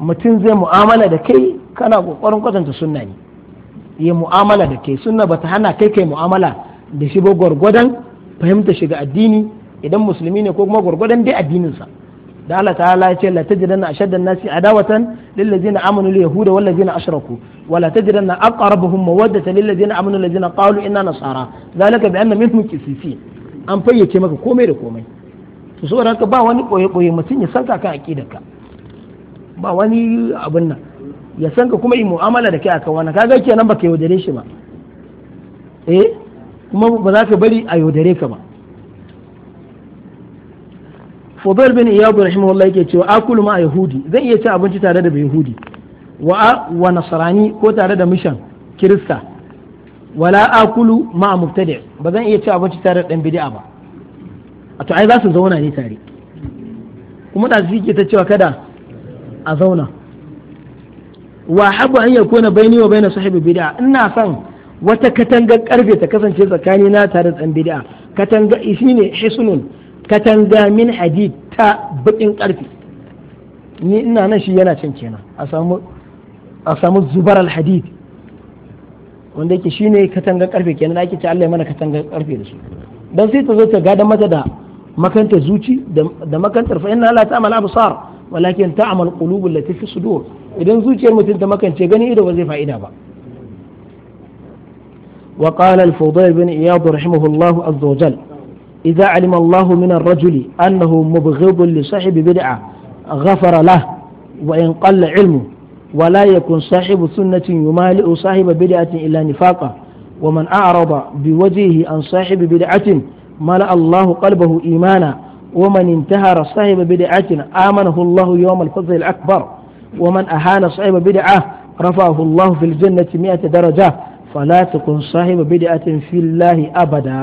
mutum zai mu'amala da kai kana kokarin kwatanta sunna ne ya mu'amala da kai sunna bata hana kai kai mu'amala da shi ba gwargwadon fahimta shiga addini idan musulmi ne ko kuma gwargwadon dai addininsa da Allah ta'ala ya ce la tajidanna an nasi adawatan lil ladzina amanu lil yahuda wal ladzina ashraku wa la tajidanna aqrabahum mawaddatan lil ladzina amanu lil ladzina qalu inna nasara zalika bi anna minhum qisisin an fayyace maka komai da komai to saboda haka ba wani ɓoye-ɓoye mutum ya san ka kan aƙidarka ba wani abin nan ya san ka kuma yi mu'amala da kai akan ka kaga kenan baka yaudare shi ba eh kuma ba za ka bari a yaudare ka ba Fudail bin Iyabu rahimahullah yake cewa akulu ma yahudi zan iya ci abinci tare da yahudi wa wa Nasarani ko tare da mishan kirista wala akulu ma mubtadi ba zan iya ci abinci tare da dan bid'a ba a to ai za su zauna ne tare kuma da suke ta cewa kada a zauna wa habu an bai baini wa baina sahibi bid'a ina son wata katangar karfe ta kasance tsakani na tare da bid'a katanga ne hisnun katanga min hadid ta bakin karfe ni ina nan shi yana can kenan a samu a samu zubar alhadid wanda yake shi ne katangar karfe kenan ake ce Allah ya mana katangar karfe da shi dan sai ta zo ta gada mata da makanta zuci da makantar fa inna la ta'mal absar walakin ta'mal qulubul lati fi sudur idan zuciyar mutum ta makance gani ido ba zai fa'ida ba wa qala bin iyad rahimahullah azza wa jal idza alima allah min rajuli annahu mubghid li sahibi bid'a ghafara lah wa in qalla ilmu wa la yakun sahibu sunnatin yumali'u sahiba bid'atin ila nifaqa wa man a'rada bi wajhihi an sahibi bid'atin mala Allahu qalbahu imana wa man intahara sahiba bid'atin amanahu Allah yawm al-fazl al-akbar wa man ahana sahiba bid'ah رفعه الله في الجنة مئة درجة فلا تكن صاحب بدعة في الله أبدا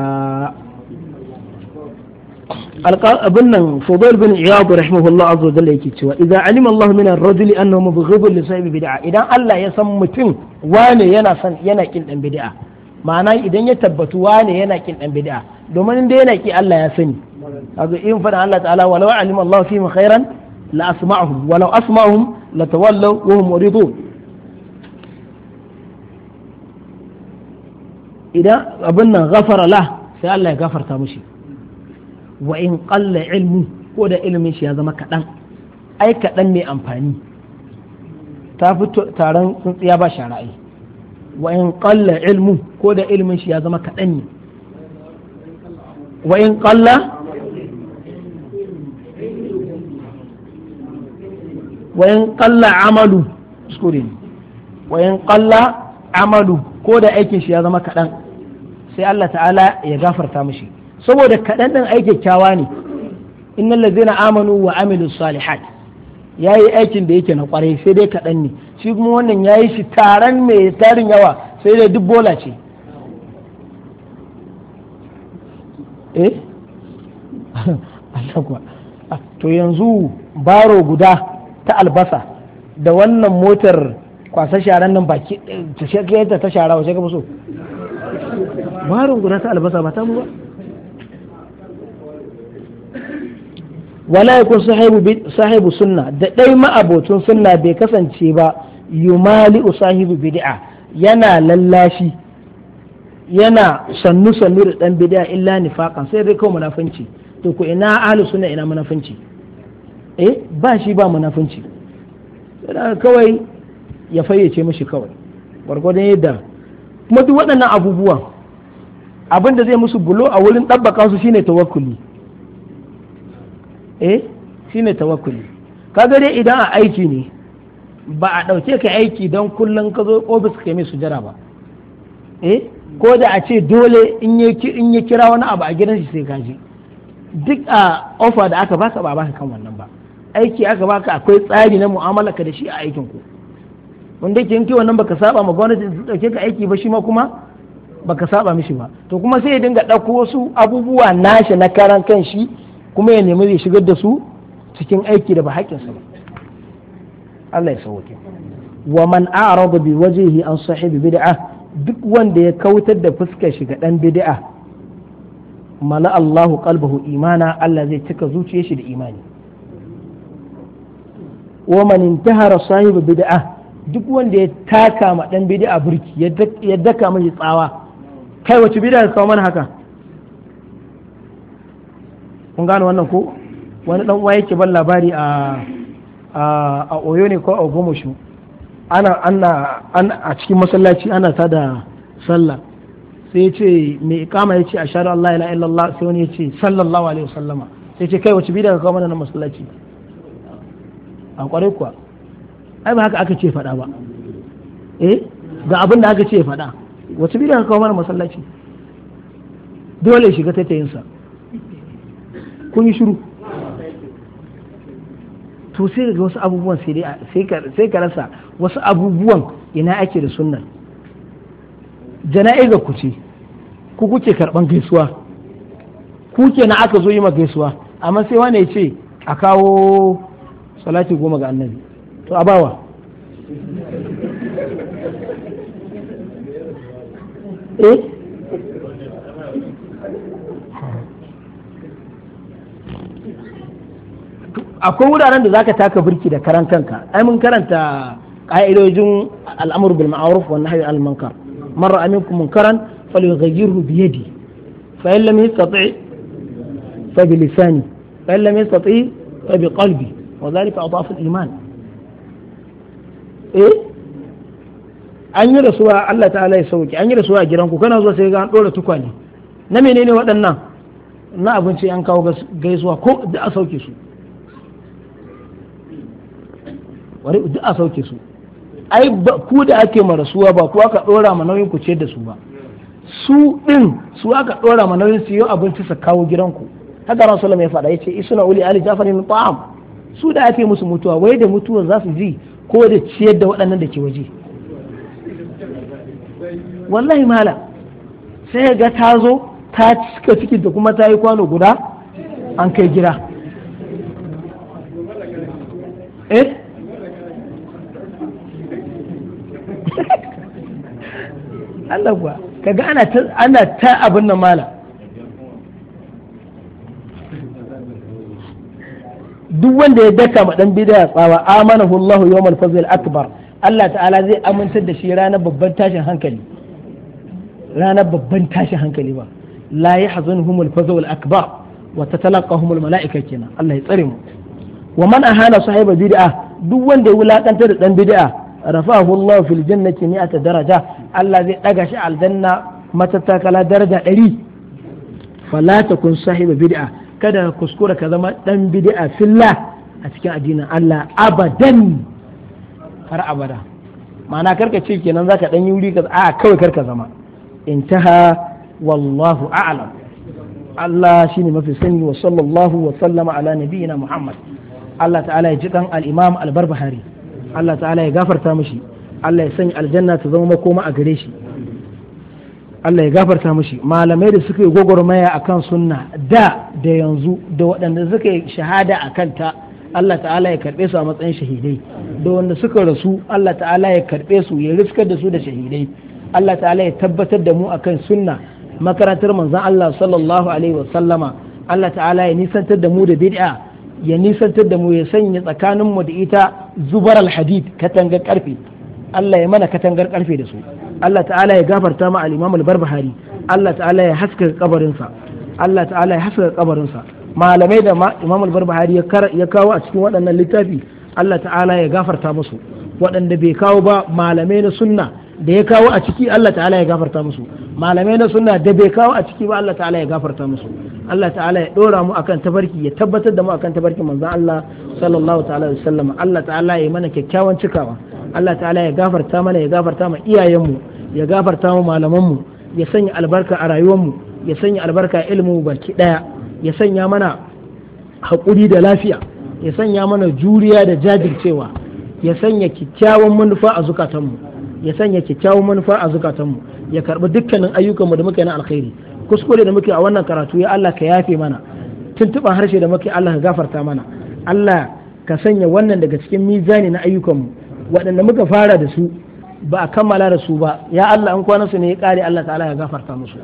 ابن فضيل بن عياض رحمه الله عز وجل يكتوى إذا علم الله من الرجل أنه مبغض لصاحب بدعة إذا الله يسمى متن وانا ينا ينا كل بدعة ma'ana idan ya tabbatu wane yana kin dan bid'a domin inda yana ki Allah ya sani kaga in fa Allah ta'ala walau alim Allah fi khairan la asma'uhum walau asma'uhum la tawallaw wa hum muridun idan abin nan ghafara la sai Allah ya gafarta mushi wa in qalla ilmi ko da ilmin shi ya zama kadan ai kadan mai amfani ta fito taron tsuntsiya ba shara'i wa in qalla ilmu amalu skure aikin shi ya zama kaɗan sai Allah ta'ala ya gafarta mishi saboda kaɗan ɗin ai kyakkyawa ne innal ladzina amanu wa amilus salihat ya yi aikin da yake na kwarai sai dai kaɗan ne shi kuma wannan ya yi shi taron mai tarin yawa sai dai duk bola ce eh [laughs] ah, to yanzu baro guda ta albasa da wannan motar kwasa sharan nan baki eh, ta shekayar ta shara wace ka so baro guda ta albasa ba ta mu ba wala yakun sahibu sunna da dai ma'abocin sunna bai kasance ba yumali sahibu bid'a yana lallashi yana sannu sannu da dan bid'a illa nifaqan sai dai kawai munafunci to ku ina ahlus sunna ina munafunci eh ba shi ba munafunci kawai ya fayyace mishi kawai gwargwadon yadda kuma duk waɗannan abubuwan abin da zai musu bulo a wurin ɗabbaka su shine tawakkuli eh shine tawakkuli kaga dai idan a aiki ne ba a ɗauke ka aiki don kullum ka zo ofis ka mai sujara ba eh ko da a ce dole in ya kira wani abu a gidan shi sai ka je duk a ofa da aka baka ba baka kan wannan ba aiki aka baka akwai tsari na mu'amala ka da shi a aikin ku wanda ke yanke wannan baka saba ma gwamnati su ɗauke ka aiki ba shi ma kuma baka saba mishi ba to kuma sai ya dinga ɗauko wasu abubuwa nashi na karan kan shi kuma ya nemi zai shigar da su cikin aiki da ba haƙƙinsa ba Allah ya sauke wa man a'rada bi wajhihi an sahibi bid'a duk wanda ya kautar da fuskar shi ga dan bid'a mala Allahu qalbahu imana Allah zai cika zuciyar shi da imani wa man intahara sahibi bid'a duk wanda ya taka ma dan bid'a burki ya daka mai tsawa kai wace bid'a ka mana haka kun gane wannan ko wani dan uwa yake ban labari a a oyo ne ko a ogomoshu ana ana a cikin masallaci ana ta da sallah sai yace me ikama yace ashhadu an la ilaha illallah sai wani yace sallallahu alaihi wasallama sai yace kai wace bid'a ka kawo mana na masallaci a kware kuwa ai ba haka aka ce faɗa ba eh ga abin da aka ce faɗa wace bid'a ka kawo mana masallaci dole shiga ta sa kun yi shiru to sai ga wasu abubuwan sai ka rasa wasu abubuwan ina ake da sunnan jana'iza ku ce ku kuke karban gaisuwa ku na aka zo yi ma gaisuwa amma sai wane ya ce a kawo salati goma ga annabi to a bawa eh akwai wuraren da za ka taka birki da karan kanka ai mun karanta ƙa'idojin al'amur bil ma'aruf wa nahyi al munkar mar aminkum munkaran falyughayyirhu bi yadi fa in lam yastati fa bi lisani fa in lam yastati fa bi qalbi wa dhalika adaf al iman eh an yi rasuwa Allah ta'ala ya sauki an yi rasuwa a ku. kana zuwa sai ga an dora tukwane na menene waɗannan na abinci an kawo gaisuwa ko da a sauke su wari duk a sauke su ai ku da ake ma rasuwa ba ku aka dora ma nauyin ku ce da su ba su din su aka dora ma nauyin su yau abinci su kawo gidanku haka ran sallama ya faɗa ya ce isuna uli ali jafarin ta'am su da ake musu mutuwa wai da mutuwa za su ji ko da ciyar da waɗannan da ke waje wallahi mala sai ga ta zo ta cika ciki da kuma ta yi kwano guda an kai gida eh Allah kuwa kaga ana ta ana ta abin nan mala duk wanda ya daka ma dan bidaya tsawa amanahu Allahu yawmal fazl akbar Allah ta'ala zai amintar da shi ranar babban tashin hankali ranar babban tashin hankali ba la yahzunhumul fazl akbar wa tatalaqahumul malaika kenan Allah ya tsare mu wa man ahana sahiba bid'a duk wanda ya wulakantar da dan bid'a rafahu Allah fil jannati mi'ata daraja Allah zai daga shi a aljanna matattakala daraja 100 fala takun sahiba bid'a kada ka kuskura ka zama dan bidi'a filla a cikin addinin Allah abadan har abada ma'ana karka ce kenan zaka ɗan yi wuri ka a kawai karka zama intaha wallahu a'lam Allah shine mafi sani wa sallallahu wa sallama ala nabiyyina Muhammad Allah ta'ala ya ji dan al-Imam al Allah ta'ala ya gafarta mishi Allah ya sanya aljanna ta zama makoma a gare shi Allah ya gafarta mishi malamai da suka yi gwagwarmaya akan sunna da da yanzu da waɗanda suka yi shahada a ta, Allah ta'ala ya karɓe su a matsayin shahidai da wanda suka rasu Allah ta'ala ya karɓe su ya riskar da su da shahidai Allah ta'ala ya tabbatar da mu akan sunna makarantar manzon Allah sallallahu alaihi wa sallama Allah ta'ala ya nisantar da mu da bid'a ya nisantar da mu ya sanya tsakanin mu da ita zubar alhadid katangar karfe Allah ya mana katangar karfe da su Allah ta'ala ya gafarta ma al-Imam al-Barbahari Allah ta'ala ya haska kabarinsa Allah ta'ala ya haska sa malamai da Imam al-Barbahari ya kawo a cikin waɗannan littafi Allah ta'ala ya gafarta musu waɗanda bai kawo ba malamai na sunna da ya kawo a ciki Allah ta'ala ya gafarta musu malamai na suna da bai kawo a ciki ba Allah ta'ala ya gafarta musu Allah ta'ala ya dora mu akan tabarki ya tabbatar da mu akan tabarki manzo Allah sallallahu ta'ala alaihi wasallam Allah ta'ala ya mana kyakkyawan cikawa Allah ta'ala ya gafarta mana ya gafarta ma mu ya gafarta mu malamanmu ya sanya albarka a rayuwar mu ya sanya albarka a ilimin baki daya ya sanya mana hakuri da lafiya ya sanya mana juriya da jajircewa ya sanya kyakkyawan manufa a zukatanmu ya sanya kyakkyawan manufa a zukatanmu ya karbi dukkanin ayyukanmu da muke na alkhairi kuskure da muke a wannan karatu ya Allah ka yafe mana tuntuban harshe da muke Allah ka gafarta mana Allah ka sanya wannan daga cikin mizani na ayyukanmu waɗanda muka fara da su ba a kammala da su ba ya Allah an kwana su ne ya kare Allah ta'ala ya gafarta musu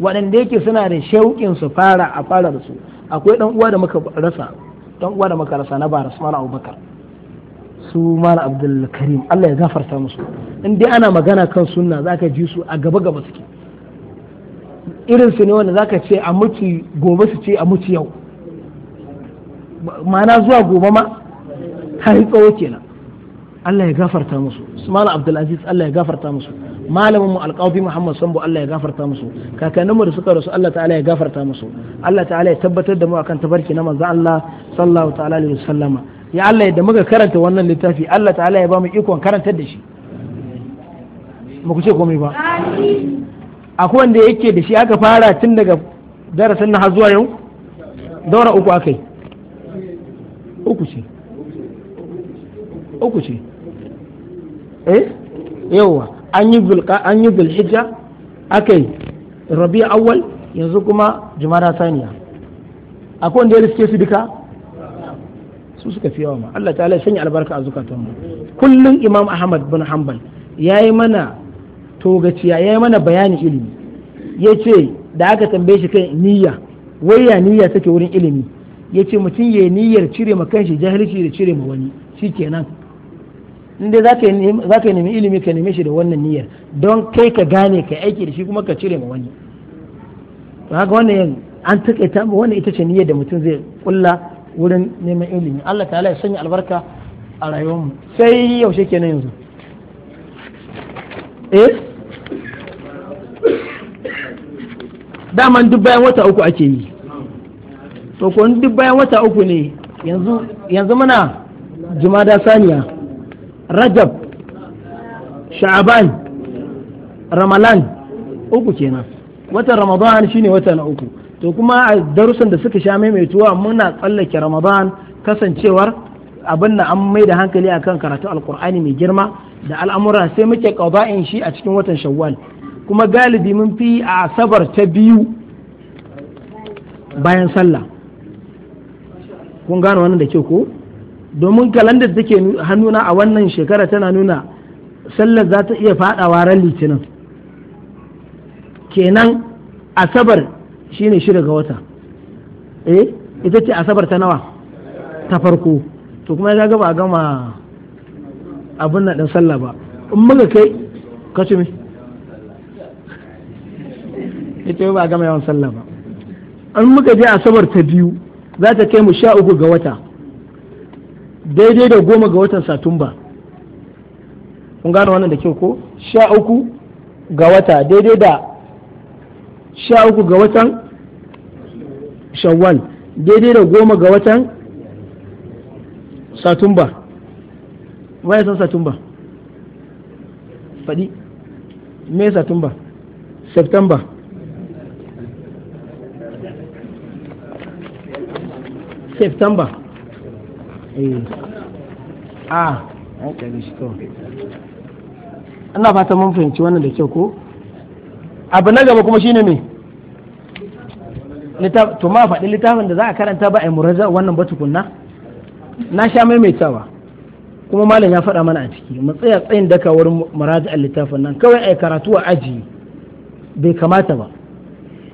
waɗanda yake suna da shauƙin su fara a fara da su akwai ɗan uwa da muka rasa ɗan uwa da muka rasa na bara Usman Abubakar su mala abdul karim Allah ya gafarta musu in dai ana magana kan sunna zaka ji su a gaba gaba suke irin su ne wanda zaka ce a muci gobe su ce a muci yau ma'ana zuwa gobe ma har tsawo kenan Allah ya gafarta musu su mala abdul aziz Allah ya gafarta musu malamin mu alƙawfi Muhammad Sambo Allah ya gafarta musu kakannin mu da suka rasu Allah ta'ala ya gafarta musu Allah ta'ala ya tabbatar da mu akan tabarki na manzo Allah sallallahu ta'ala alaihi wasallama ya Allah yadda muka karanta wannan littafi Allah ta'ala ya ba mu ikon karantar da shi muku ce komai ba akwai wanda yake da shi aka fara tun daga darasin na har zuwa yau daura uku akai uku ce uku ce eh yawa an yi zulqa an yi zulhijja akai rabi awwal yanzu kuma jumada saniya akwai wanda ya riske su duka su suka fi yawa ma Allah Ta ya sanya albarka a zukatan mu kullum Imam Ahmad bin Hanbal yayi mana togaciya yayi mana bayanin ilimi yace da aka tambaye shi kan niyya wai ya niyya take wurin ilimi yace mutum ya niyyar cire ma kanshi jahilci da cire ma wani shikenan inda za ka nemi ilimi ka neme shi da wannan niyyar don kai ka gane ka aiki da shi kuma ka cire ma wani haka wannan an takaita wannan ita ce niyyar da mutum zai kulla wurin neman ilimi Allah ta'ala ya sanya albarka a rayuwarmu sai yaushe ke nan yanzu eh daman duk bayan wata uku ake yi to ko duk bayan wata uku ne yanzu yanzu muna jumada saniya rajab sha'aban ramalan uku kenan watan ramadan shine wata na uku to kuma a darussan da suka sha maimaituwa muna tsallake ramadan kasancewar abin da an mai da hankali akan karatu alkur'ani mai girma da al'amura sai muke qada'in shi a cikin watan shawwal kuma galibi mun fi a asabar ta biyu bayan sallah kun gane wannan da ke ko domin kalandar take hannuna a wannan shekara tana nuna sallar za ta iya fadawa ran litinin kenan asabar Shi ne shida ga wata eh ita ce asabar ta nawa ta farko to kuma ya gaba a gama abin na ɗin sallah ba in muka kai ka ce ita ba a gama yawan sallah ba in muka je asabar ta biyu za ta kai mu sha uku ga wata daidai da goma ga watan satumba kun gane wannan da kyau ko sha uku ga wata daidai da sha uku ga watan shawwal daidai da goma ga watan satumba waya san satumba faɗi me satumba september september eh ah an kare shi kawai ana fata mun fahimci wannan da kyau ko abu na gaba kuma shine me to ma faɗi littafin da za a karanta ba a muraja wannan ba tukunna na sha maimaitawa kuma malam ya faɗa mana a ciki mu tsaya tsayin daka wurin muraja littafin nan kawai ai karatu a aji bai kamata ba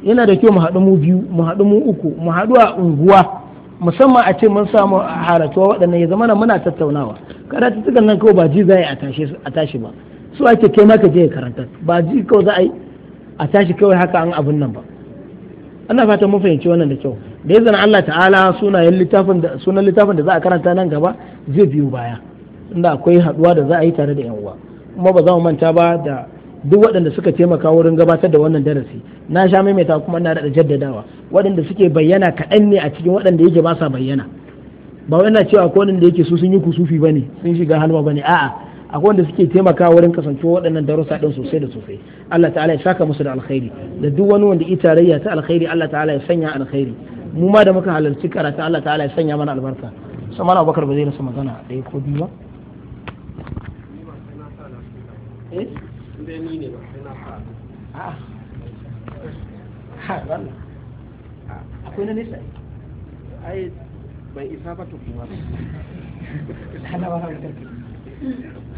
yana da kyau mu haɗu mu biyu mu haɗu mu uku mu haɗu a unguwa musamman a ce mun samu halatuwa waɗannan ya zama muna tattaunawa karatu tukan nan kawai ba ji za a tashi ba su ake kai ma ka je karanta ba ji kawai za a yi a tashi kawai haka an abin nan ba ana fatan mun fahimci wannan da kyau da ya Allah ta'ala sunayen littafin da sunan littafin da za a karanta nan gaba zai biyo baya inda akwai haduwa da za a yi tare da yan uwa kuma ba za mu manta ba da duk waɗanda suka taimaka wurin gabatar da wannan darasi na sha maimaita kuma na da jaddadawa waɗanda suke bayyana kaɗan ne a cikin waɗanda yake ba sa bayyana ba wai ina cewa ko da yake su sun yi kusufi bane sun shiga halma bane a'a akwai wanda suke taimakawa wurin kasancewa waɗannan darussa ɗin sosai da sosai Allah ta'ala ya saka musu da alkhairi da duk wani wanda ita tarayya ta alkhairi Allah ta'ala ya sanya alkhairi mu ma da muka halarci karatu Allah ta'ala ya sanya mana albarka sai na Abubakar ba zai rasa magana da ko biyu ba eh? ba akwai na ai bai isa ba to [laughs] kuma